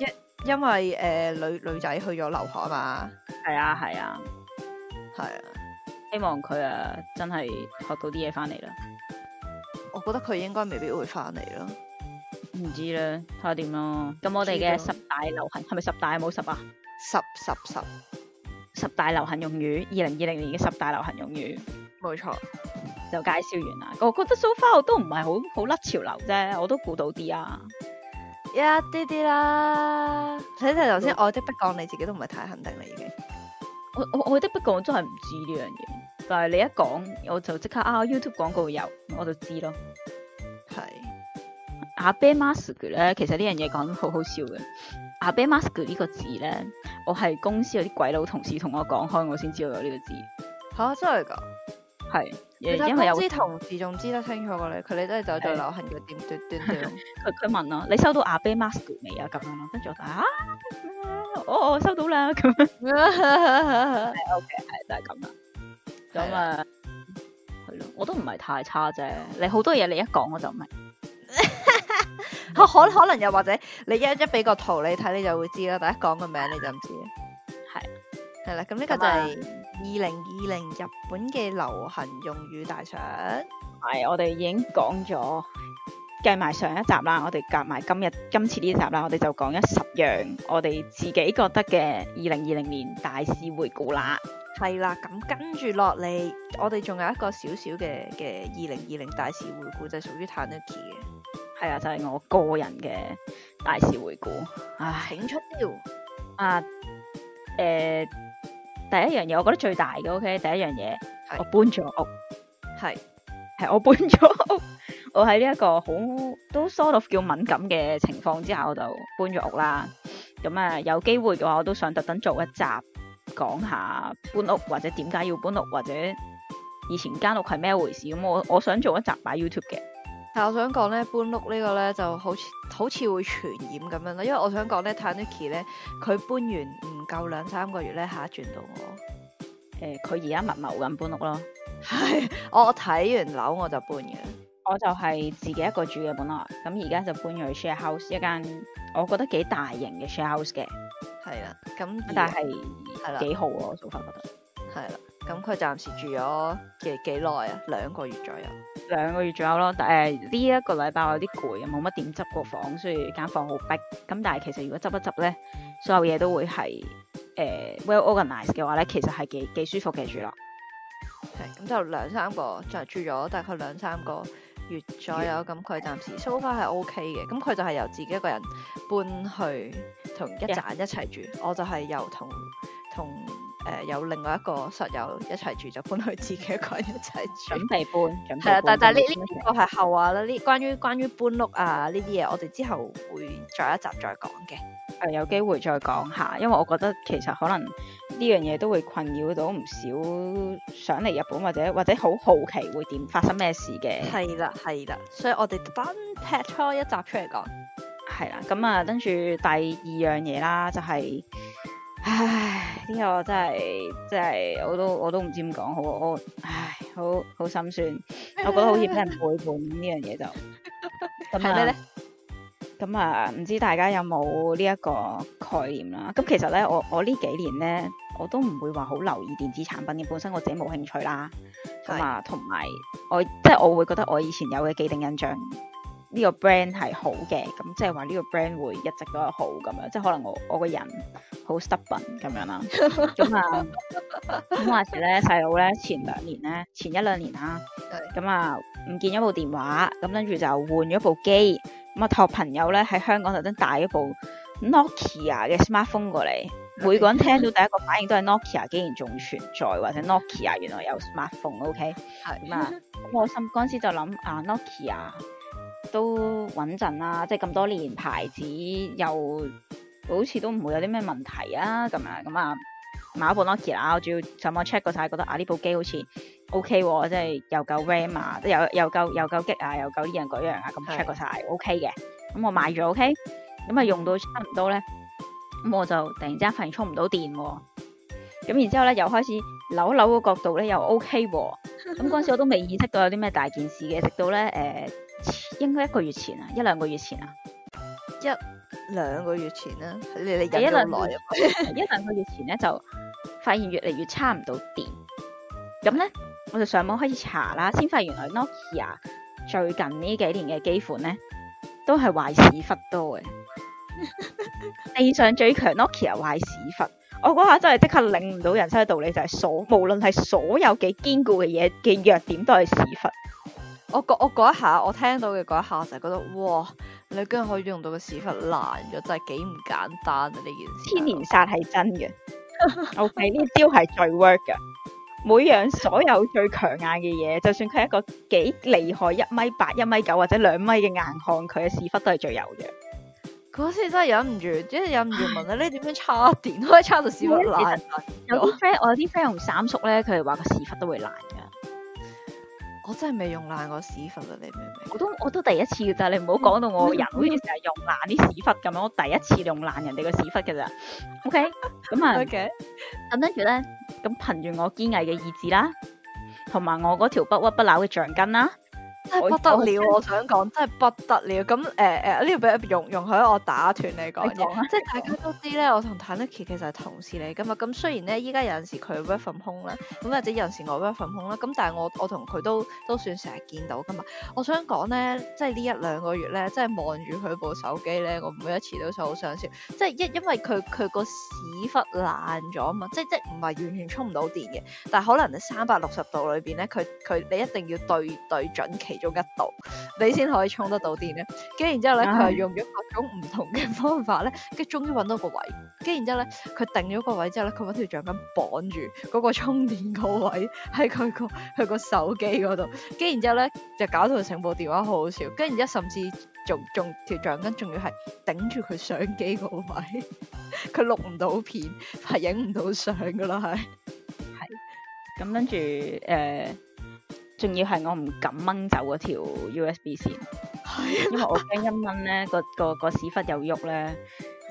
因因為誒、呃、女女仔去咗留學啊嘛，係啊係啊係啊，啊啊希望佢啊真係學到啲嘢翻嚟啦。我覺得佢應該未必會翻嚟咯，唔知咧睇下點咯。咁我哋嘅十大流行係咪十大冇十啊？十十十十大流行用語，二零二零年嘅十大流行用語，冇錯錯，就介紹完啦。我覺得 so far 我都唔係好好甩潮流啫，我都估到啲啊，yeah, 看一啲啲啦。睇睇頭先，愛の不時着，你自己都唔係太肯定你嘅。我我愛の不時着，我真係唔知呢樣嘢，但係你一講，我就即刻啊 YouTube 廣告有，我就知咯。係是アベノマスク咧，其實呢樣嘢講得好好笑嘅。阿貝 mask 呢個字咧，我係公司有啲鬼佬同事同我講開，我先知道有呢個字。吓、啊、真係噶，係是，其實 因為有啲同事仲知得清楚過你，佢哋真係就做流行嘅點點點，佢佢 問咯，你收到阿貝 mask 未啊？咁樣咯，跟住我話啊，我我收到啦，咁樣。係 OK，係就係咁啦。咁啊的，係咯，我都唔係太差啫。你好多嘢你一講我就明。嗯、可可，可能又或者你一一俾個圖你睇，你就會知啦，第一講個名你就唔知啦。係係啦，咁呢個就係二零二零日本嘅流行用語大賞。係我哋已經講咗，計埋上，上一集啦，我哋夾埋今日今次呢集啦，我哋就講一十樣我哋自己覺得嘅二零二零年大事回顧啦。係啦，咁跟住落嚟，我哋仲有一個小小嘅嘅二零二零大事回顧就係屬於 Tanuki 嘅。係啊、哎，就係、是、我個人嘅大事回顧啊，請出嚟啊，誒，第一樣嘢我覺得最大嘅，OK，第一樣嘢是我搬咗屋，係係是我搬咗屋，我喺呢一個好都 sort of 叫敏感嘅情況之下，我就搬咗屋啦。咁啊，有機會嘅話，我都想特登做一集講下搬屋或者點解要搬屋或者以前間屋係咩回事。咁我我想做一集擺 YouTube 嘅。但我想講咧搬屋個呢個咧就好似好似會傳染咁樣啦，因為我想講咧 Tanuki 咧佢搬完唔夠兩三個月咧，下一轉到我誒，佢而家密謀緊搬屋咯，係 我睇完樓我就搬嘅，我就係自己一個住嘅本來，咁而家就搬咗去 share house 一間，我覺得幾大型嘅 share house 嘅，係啦，咁但係，係啦幾好啊，我初初覺得係啦，咁佢暫時住咗幾幾耐啊，兩個月左右。兩個月左右咯，但誒呢、呃、一個禮拜我有啲攰，冇乜點執過房，所以間房好逼。咁但係其實如果執一執咧，嗯、所有嘢都會係誒、呃、well organized 嘅話咧，其實係幾幾舒服嘅住啦。係咁、嗯、就兩三個，就住咗大概兩三個月左右。咁佢越暫時 so far 係、嗯嗯、OK 嘅，咁佢就係由自己一個人搬去同一棟一齊住，嗯、我就係由同同。誒、呃，有另外一個室友一齊住就搬去自己一個人一齊住，準備搬，係啦、啊，但但呢呢個係後話啦。呢關於關於搬屋啊呢啲嘢，我哋之後會再一集再講嘅。誒、嗯，有機會再講下，因為我覺得其實可能呢樣嘢都會困擾到唔少想嚟日本或者或者好好奇會點發生咩事嘅。係啦，係啦，所以我哋等劈開一集出嚟講。係啦，咁、嗯、啊，跟住第二樣嘢啦，就係、是。唉，呢、這個真係真係，我都我都唔知點講好，我唉，好好心酸，我覺得好似俾人背叛呢樣嘢就咁係咩啊？咁啊，唔知大家有冇呢一個概念啦？咁、嗯、其實咧，我我呢幾年咧，我都唔會話好留意電子產品嘅，本身我自己冇興趣啦，咁啊，同埋是我即係我會覺得我以前有嘅既定印象。呢個 brand 係好嘅，咁即係話呢個 brand 會一直都係好咁樣，即係可能我我個人好 stubborn 咁樣啦。咁 啊，咁話時咧，細佬咧前兩年咧，前一兩年啦，咁啊唔見咗部電話，咁跟住就換咗部機，咁啊託朋友咧喺香港特登帶一部 Nokia 嘅 smartphone 過嚟，每個人聽到第一個反應都係 Nokia 竟然仲存在，或者 Nokia 原來有 smartphone，OK？係咁啊，咁我心嗰陣時就諗啊 Nokia。都穩陣啦，即係咁多年牌子，又好似都唔會有啲咩問題啊咁樣咁啊，買一部 Nokia、ok、我仲要上網 check 過晒，覺得啊呢部機好似 OK，即係又夠 RAM 啊，又又夠又夠激啊，又夠呢樣嗰樣啊，咁 check 過晒的 OK 嘅，咁、嗯、我買咗 OK，咁、嗯、啊用到差唔多咧，咁、嗯、我就突然之間發現充唔到電、啊，咁、嗯、然之後咧又開始扭扭個角度咧又 OK 喎、啊，咁嗰陣時我都未意識到有啲咩大件事嘅，直到咧誒。呃應該一個月前啊，一兩個月前啊，一兩個月前啦，你你忍咁耐啊？ 一兩個月前咧，就發現越嚟越差唔到電，咁咧我就上網開始查啦，先發現原來 Nokia、ok、最近呢幾年嘅機款咧都係壞屎忽多嘅， 地上最強 Nokia、ok、壞屎忽，我嗰下真係即刻領唔到人生嘅道理，就係、是、所無論係所有幾堅固嘅嘢嘅弱點都係屎忽。我覺我嗰一下，我聽到嘅嗰一下，我就覺得哇，你居然可以用到個屎忽爛咗，真係幾唔簡單啊！呢件事，千年殺係真嘅，係呢、 okay, 招係最 work 嘅。每樣所有最強硬嘅嘢， 就算佢係一個幾厲害一米八、一米九或者兩米嘅硬漢，佢嘅屎忽都係最柔嘅。嗰時真係忍唔住，即係忍唔住問你：，你點樣叉電 可以叉到屎忽爛？有啲 friend，我有啲 friend 用三叔咧，佢哋話個屎忽都會爛㗎。我真係未用爛過屎忽啊！你明唔明？我都我都第一次噶咋，你唔好講到我人好似成日用爛啲屎忽咁樣。我第一次用爛人哋個屎忽噶咋。OK，咁啊，OK，咁跟住咧，咁憑住我堅毅嘅意志啦，同埋我嗰條不屈不撓嘅橡筋啦。我不得了，我，我，我想講 真係不得了。咁誒誒，呢個俾容容許我打斷你講嘢，啊。即係大家都知咧，我同 Tanuki 其實係同事嚟噶嘛。咁雖然咧，依家有陣時佢 work from home 啦，咁或者有陣時我 work from home 啦。咁但係我我同佢都都算成日見到噶嘛。我想講咧，即係呢一兩個月咧，即係望住佢部手機咧，我每一次都好想笑。即係因因為佢佢個屎忽爛咗啊嘛！即即唔係完全充唔到電嘅，但係可能你三百六十度裏邊咧，佢佢你一定要對對準其。其。做一度，你先可以充得到電咧。跟住然之後咧，佢係用咗各種唔同嘅方法咧，跟住終於揾到個位。跟住然之後咧，佢定咗個位之後咧，佢把條橡筋綁住嗰個充電個位喺佢個佢個手機嗰度。跟住然之後咧，就搞到成部電話好好笑。跟住然之後甚至仲仲條橡筋仲要係頂住佢相機個位，佢錄唔到片，係影唔到相噶啦，係。係，咁跟住誒。仲要係我唔敢掹走嗰條 USB 線，嗎因為我驚一掹咧， 個個個屎忽有喐咧，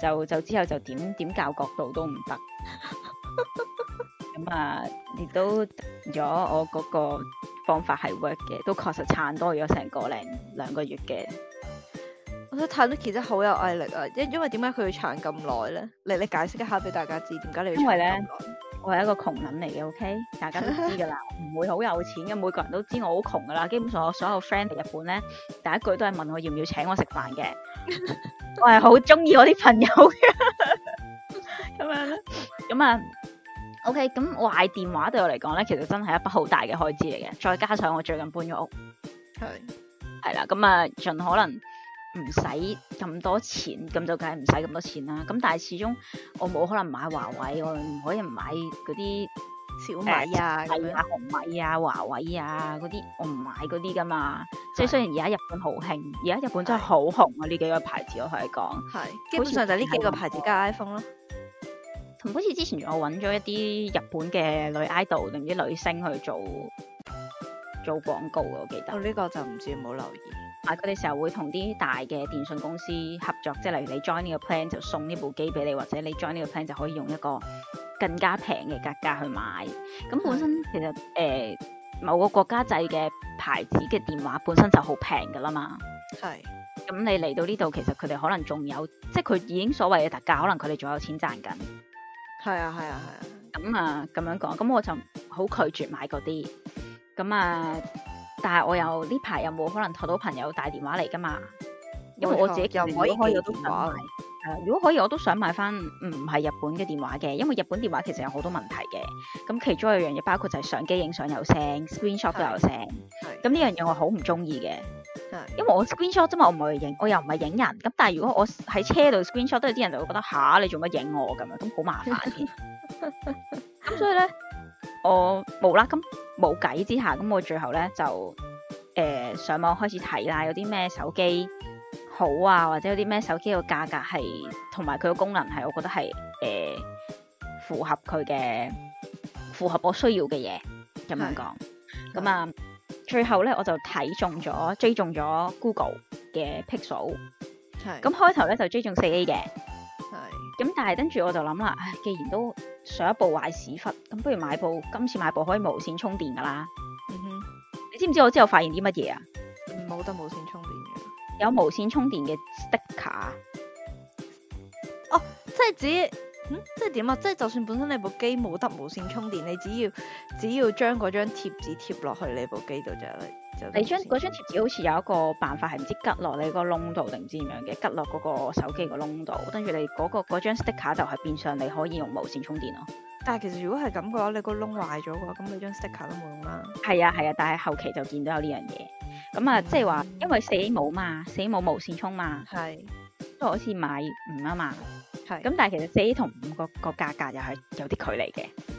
就就之後就點點教角度都唔得。咁、 嗯、啊，亦都咗我嗰個方法係 work 嘅，都確實撐多咗成個零兩個月嘅。我覺得 Tanuki 真係好有毅力啊！因因為點解佢要撐咁耐咧？你你解釋一下俾大家知，點解你因為咧。我係一個窮人嚟嘅，OK，大家都知噶啦，唔會好有錢嘅。每個人都知我好窮噶啦。基本上我所有 friend 嚟日本咧，第一句都係問我要唔要請我食飯嘅。 我係好中意我啲朋友嘅，咁 樣咁啊。OK，咁壞電話對我嚟講咧，其實真係一筆好大嘅開支嚟嘅。再加上我最近搬咗屋，係係啦，咁啊，盡可能。唔使咁多錢，咁就梗係唔使咁多錢啦。咁但係始終我冇可能買華為，我唔可以唔買嗰啲小米啊、咁、呃啊、樣紅米啊、華為啊嗰啲，我唔買嗰啲噶嘛。即係是雖然而家日本好興，而家日本真係好紅啊！呢是幾個牌子我可以講，係基本上就呢幾個牌子加 iPhone 咯。同好似之前仲有搵咗一啲日本嘅女 idol 定唔知女星去做做廣告嘅，我記得。呢、哦這個就唔知冇留意。佢哋時候會同啲大嘅電信公司合作，即係例如你 join 呢個 plan 就送呢部機俾你，或者你 join 呢個 plan 就可以用一個更加平嘅價格去買。咁、嗯嗯、本身其實誒、呃、某個國家製嘅牌子嘅電話本身就好平噶啦嘛。係、嗯。咁你嚟到呢度，其實佢哋可能仲有，即係佢已經所謂嘅特價，可能佢哋仲有錢賺緊。係啊係啊係啊。咁啊咁樣講，咁我就好拒絕買嗰啲。咁、嗯、啊。嗯但係我又呢排有冇可能託到朋友帶電話嚟噶嘛？因為我自己又唔錯可以，開個電話嚟。如果可以，我都想買翻唔係日本嘅電話嘅，因為日本電話其實有好多問題嘅。咁其中一樣嘢，包括就係相機影相有聲，screen shot 都有聲。咁呢樣嘢我好唔中意嘅，對因為我 screen shot 啫嘛，我唔係影，我又唔係影人。咁但係如果我喺車度 screen shot，都有啲人就會覺得吓你做乜影我咁樣，咁好麻煩。咁所以咧，我冇啦咁。冇計之下，咁我最後咧就誒、呃、上網開始睇啦，有啲咩手機好啊，或者有啲咩手機個價格係同埋佢個功能係，我覺得係誒、呃、符合佢嘅，符合我需要嘅嘢咁樣講。咁啊，最後咧我就睇中咗追中咗 Google 嘅 Pixel。係。咁開頭咧就追中四 A 嘅。咁、嗯、但係跟住我就諗啦，唉，既然都上一部壞屎忽，咁不如買部今次買部可以無線充電噶啦。嗯哼，你知唔知我之後發現啲乜嘢啊？冇得無線充電，有無線充電嘅 sticker。哦，即係指，嗯、即係點啊？即係就算本身你部機冇得無線充電，你只要只要將嗰張貼紙貼落去你部機度就係。你張嗰張貼紙好似有一個辦法係唔知吉落你個窿度定唔知點樣嘅，吉落嗰個手機、個窿度，跟住你嗰個張 sticker 就係變相你可以用無線充電咯。但係其實如果係咁嘅話，你個窿壞咗嘅話，咁你張 sticker 都冇用啦。係啊，係啊，但係後期就見到有呢樣嘢，咁啊、嗯、即係話因為四冇嘛，四冇無線充嘛，係是，都好似買五啊嘛，係是。咁但係其實四同五個、個價格又係有啲距離嘅。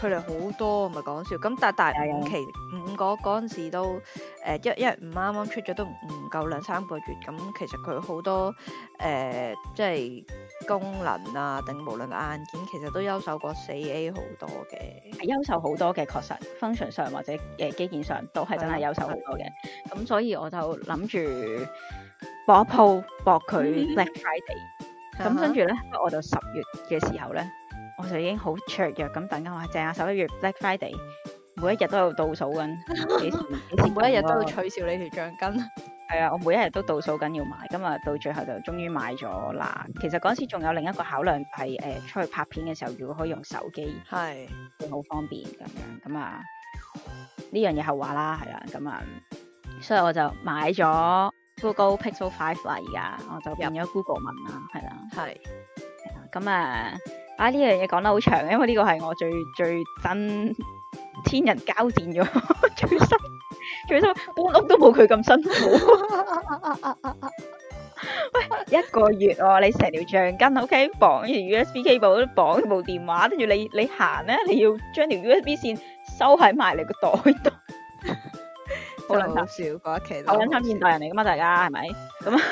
距離好多唔係講笑，咁但係第五期五個嗰時都誒一一唔啱啱出咗都唔唔夠兩三個月，咁、嗯、其實佢好多誒、呃、即係功能啊，定無論硬件其實都優秀過四 A 好多嘅，係優秀好多嘅確實，function 上或者誒機件上都係真係優秀好多嘅，咁、嗯、所以我就諗住搏一鋪搏佢 Black Friday 咁跟住咧我就十月嘅時候咧。我就已經好雀躍，咁等緊我正，啊，淨係十一月 Black Friday，每一日都有倒數緊，幾時幾時啊， 每一日都會取笑你條橡筋。係 啊，我每一日都倒數緊要買噶啊，到最後就終於買咗啦。其實嗰時仲有另一個考量係，誒、呃，出去拍片嘅時候，如果可以用手機，係 會好方便咁樣。咁啊，呢樣嘢係後話啦，係啦，啊，咁啊，所以我就買咗 Google Pixel Five 啦，而家我就入咗 Google 文啦，係啦 Yep.，啊，係、啊。 咁啊！啊呢樣嘢講得好長，因為呢個係我最最真天人交戰咗，最辛最辛搬屋都冇佢咁辛苦。喂，一個月哦，你成條橡筋，OK，綁住 USB keyboard，綁住部電話，跟住你你行咧，你要將條 USB 線收喺埋你個袋度。好捻搞笑，講一期，好捻慘現代人嚟噶嘛，大家係咪？咁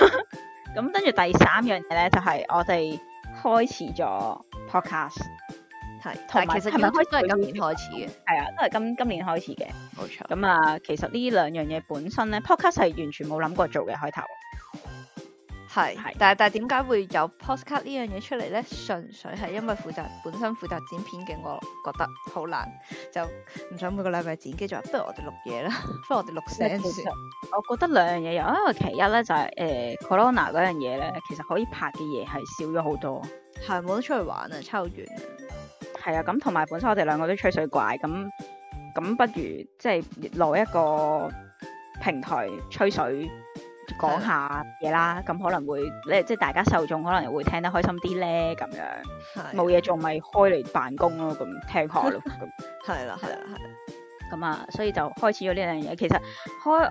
咁跟住第三樣嘢咧，就係我哋。開始咗 podcast，係對，有但係其實係咪都係今年開始嘅？係啊，都係今今年開始嘅。冇錯。咁啊，其實呢兩樣嘢本身咧，podcast 係完全冇諗過做嘅開頭。係，但係但係點解會有 postcard 呢樣嘢出嚟咧？純粹係因為負責本身負責剪片嘅，我覺得好難，就唔想每個禮拜剪，機就不如我哋錄嘢啦， 不如我哋錄聲。我覺得兩樣嘢有，一個其一咧就係誒 Corona 嗰樣嘢咧，其實可以拍嘅嘢係少咗好多，係冇得出去玩啊，抽完啊，係啊，咁同埋本身我哋兩個都吹水怪，咁咁不如即係落一個平台吹水。講下嘢啦，咁的可能會咧，即係大家受眾可能會聽得開心啲咧，咁樣冇嘢的做咪，就是，開嚟辦公咯，咁聽開咯，咁係啦，係啦，係啦，咁啊，所以就開始咗呢樣嘢。其實開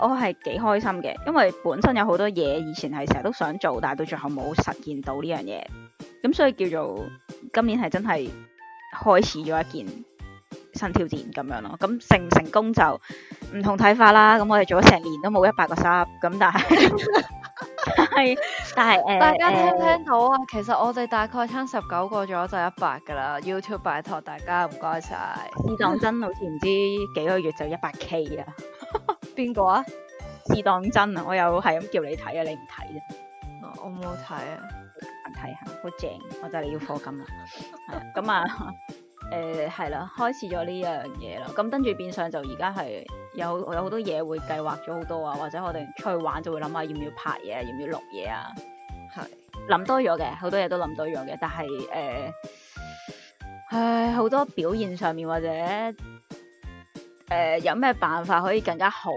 我係幾開心嘅，因為本身有好多嘢以前係成日都想做，但係到最後冇實現到呢樣嘢，咁所以叫做今年係真係開始咗一件新挑戰咁樣咯，啊。咁成唔成功就？唔同睇法啦，咁我哋做咗成年都冇一百個十 u 咁，但係，但係，但係，大家聽唔聽到啊？其實我哋大概差十九個咗就一百噶啦，YouTube 拜託大家唔該晒。試當真好似唔知幾個月就一百 K 啊？邊個啊？試當真啊？我又係咁叫你睇啊，你唔睇啫。我冇睇啊，難睇吓，好正，我就係你要課金啦。咁啊。誒，係啦，呃，開始咗呢樣嘢啦，咁跟住變相就而家係有有好多嘢會計劃咗好多啊，或者我哋出去玩就會諗下要唔要拍嘢，啊，要唔要錄嘢啊，係諗多咗嘅，好多嘢都諗多咗嘅，但係誒，呃，唉好多表現上面或者。誒、呃，有咩辦法可以更加好？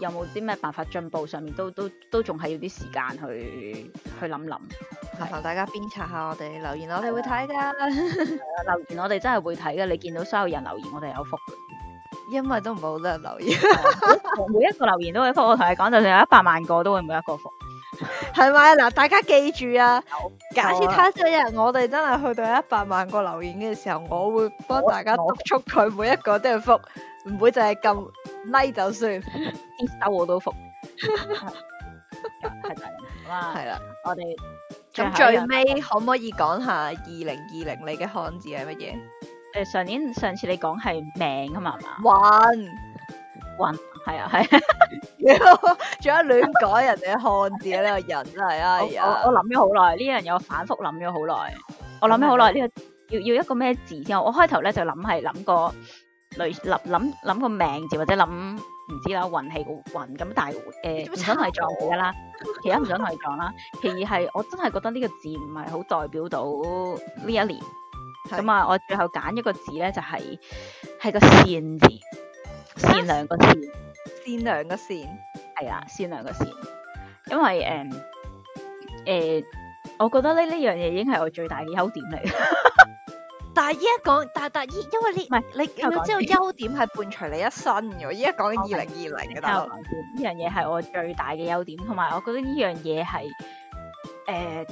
有冇啲咩辦法進步？上面都都都仲係要啲時間去去諗諗。麻煩大家鞭策下我哋留言，我哋會睇噶。留言我哋、 嗯、真係會睇噶，你見到所有人留言我哋有覆！因為都唔好多人留言、 哦，每一個留言都會覆。我同你講，就算有一百萬個都會每一個覆。係咪？嗱，大家記住啊，有假設他朝一日我哋真係去到一百萬個留言嘅時候，我會幫大家督促佢每一個都要覆。唔會就係咁 like 就算， 收我都服。係就係，哇，係啦，我哋咁最尾可唔可以講下二零二零你嘅漢字係乜嘢？誒、哎，上年上次你講係命啊嘛嘛，運運係啊係，仲有亂改人哋漢字呢個人真係啊、哎！我我諗咗好耐，呢個人有反覆諗咗好耐。我諗咗好耐呢個要要,要一個咩字之後，我開頭咧就諗係諗過。 類似諗諗諗個名字或者諗唔知啦運氣個運咁，但係誒唔想同佢撞而家啦，其一唔想同佢撞啦。 其二係我真係覺得呢個字唔係好代表到呢一年咁是啊！我最後揀一個字咧，就係、是、係個善字，善良個善，善良個善，係啦，善良個善，因為誒誒、呃呃，我覺得呢呢樣嘢已經係我最大嘅優點嚟。但係依家講，但但依因為呢，唔係是你要知道優點係伴隨你一生嘅喎。依家講緊二零二零呢樣嘢係我最大嘅優點，同埋我覺得呢樣嘢係誒，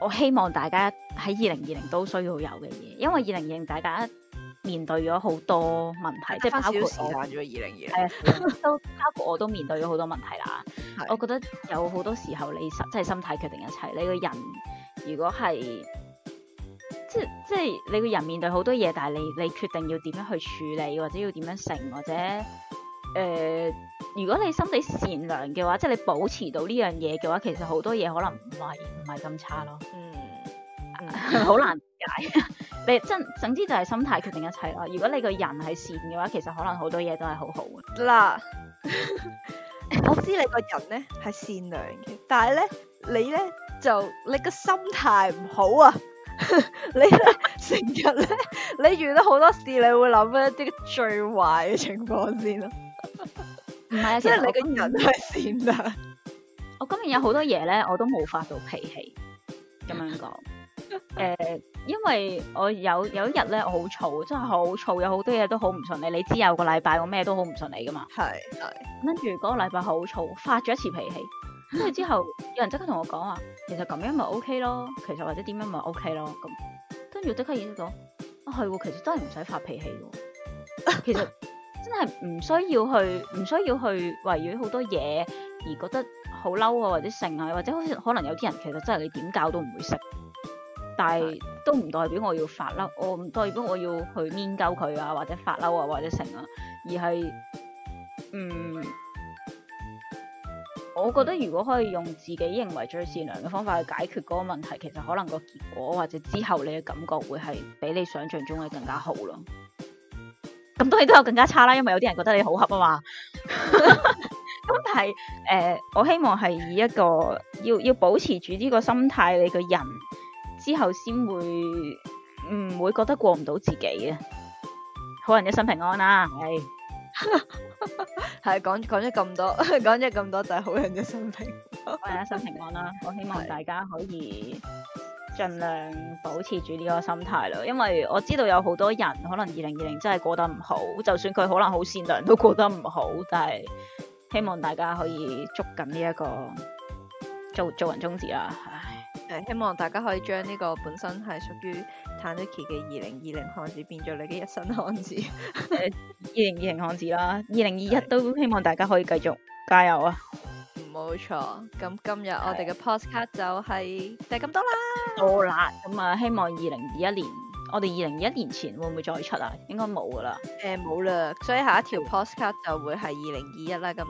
我希望大家喺二零二零都需要有嘅嘢，因為二零二零大家面對咗好多問題，即係包括我時間咗二零二零，都 包括我都面對咗好多問題啦。的我覺得有好多時候你心即係心態決定一切，你個人如果係。即係你個人面對好多嘢，但係你你決定要點樣去處理，或者要點樣成，或者誒、呃，如果你心地善良嘅話，即係你保持到呢樣嘢嘅話，其實好多嘢可能唔係唔係咁差咯。嗯，好 難解。 你真總之就係心態決定一切咯。如果你個人係善嘅話，其實可能好多嘢都係好好。嗱喇， 我知你個人呢係善良嘅，但係呢，你呢，就你個心態唔好啊。 你成日咧，你遇到好多事，你會諗一啲最壞嘅情況先咯，啊 啊。唔係，即係你個人係善噶。我今年 有好多嘢咧，我都冇發到脾氣。咁樣講，誒， uh, 因為我有有一日咧，我好燥，真係好燥，有好多嘢都好唔順利。你知有個禮拜我咩都好唔順利噶嘛？係係。跟住嗰個禮拜好燥，發咗一次脾氣。跟住之後，有人即刻同我講話，其實咁樣咪 OK 咯，其實或者點樣咪 OK 咯。咁跟住即刻意識到，啊係喎，其實真係唔使發脾氣喎。其實真係唔需要去，唔需要去圍繞好多嘢而覺得好嬲啊，或者成啊，或者好似可能有啲人其實真係你點教都唔會識，但係是的 都唔代表我要發嬲，我、哦、唔代表我要去面鳩佢啊，或者發嬲啊，或者成啊，而係嗯。我覺得如果可以用自己認為最善良嘅方法去解決嗰個問題，其實可能個結果或者之後你嘅感覺會係比你想象中嘅更加好咯。咁當然都有更加差啦，因為有啲人覺得你好恰啊嘛。咁 但係誒、呃，我希望係以一個要要保持住呢個心態，你個人之後先會唔會覺得過唔到自己嘅。好人一生平安啦，係。係講講咗咁多，講咗咁多就係好人嘅心情，好人一生平安啦。我希望大家可以盡量保持住呢個心態啦，因為我知道有好多人可能二零二零真係過得唔好，就算佢可能好善良都過得唔好，但係希望大家可以捉緊呢一個做做人宗旨啦。希望大家可以將呢個本身係屬於 Tanuki 嘅二零二零漢字變做你嘅一身漢字。二零二零漢字啦，二零二一都希望大家可以繼續加油啊錯！冇錯、就是，咁今日我哋嘅 postcard 就係就係咁多啦，好啦，咁啊希望二零二一年，我哋二零二一年前會唔會再出啊？應該冇噶啦，誒冇啦，所以下一條 postcard 就會係二零二一啦。咁誒、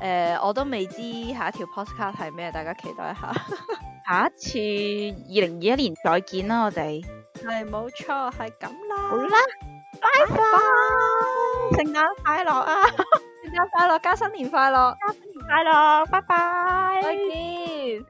呃，我都未知下一條 postcard 係咩，大家期待一下。 下一次二零二一年再見啦，我哋係冇錯，係咁啦，好啦，拜拜 bye，聖誕 bye 快樂啊，聖 誕快樂，加新年快樂，加新年快樂，拜拜，再見 bye。Bye bye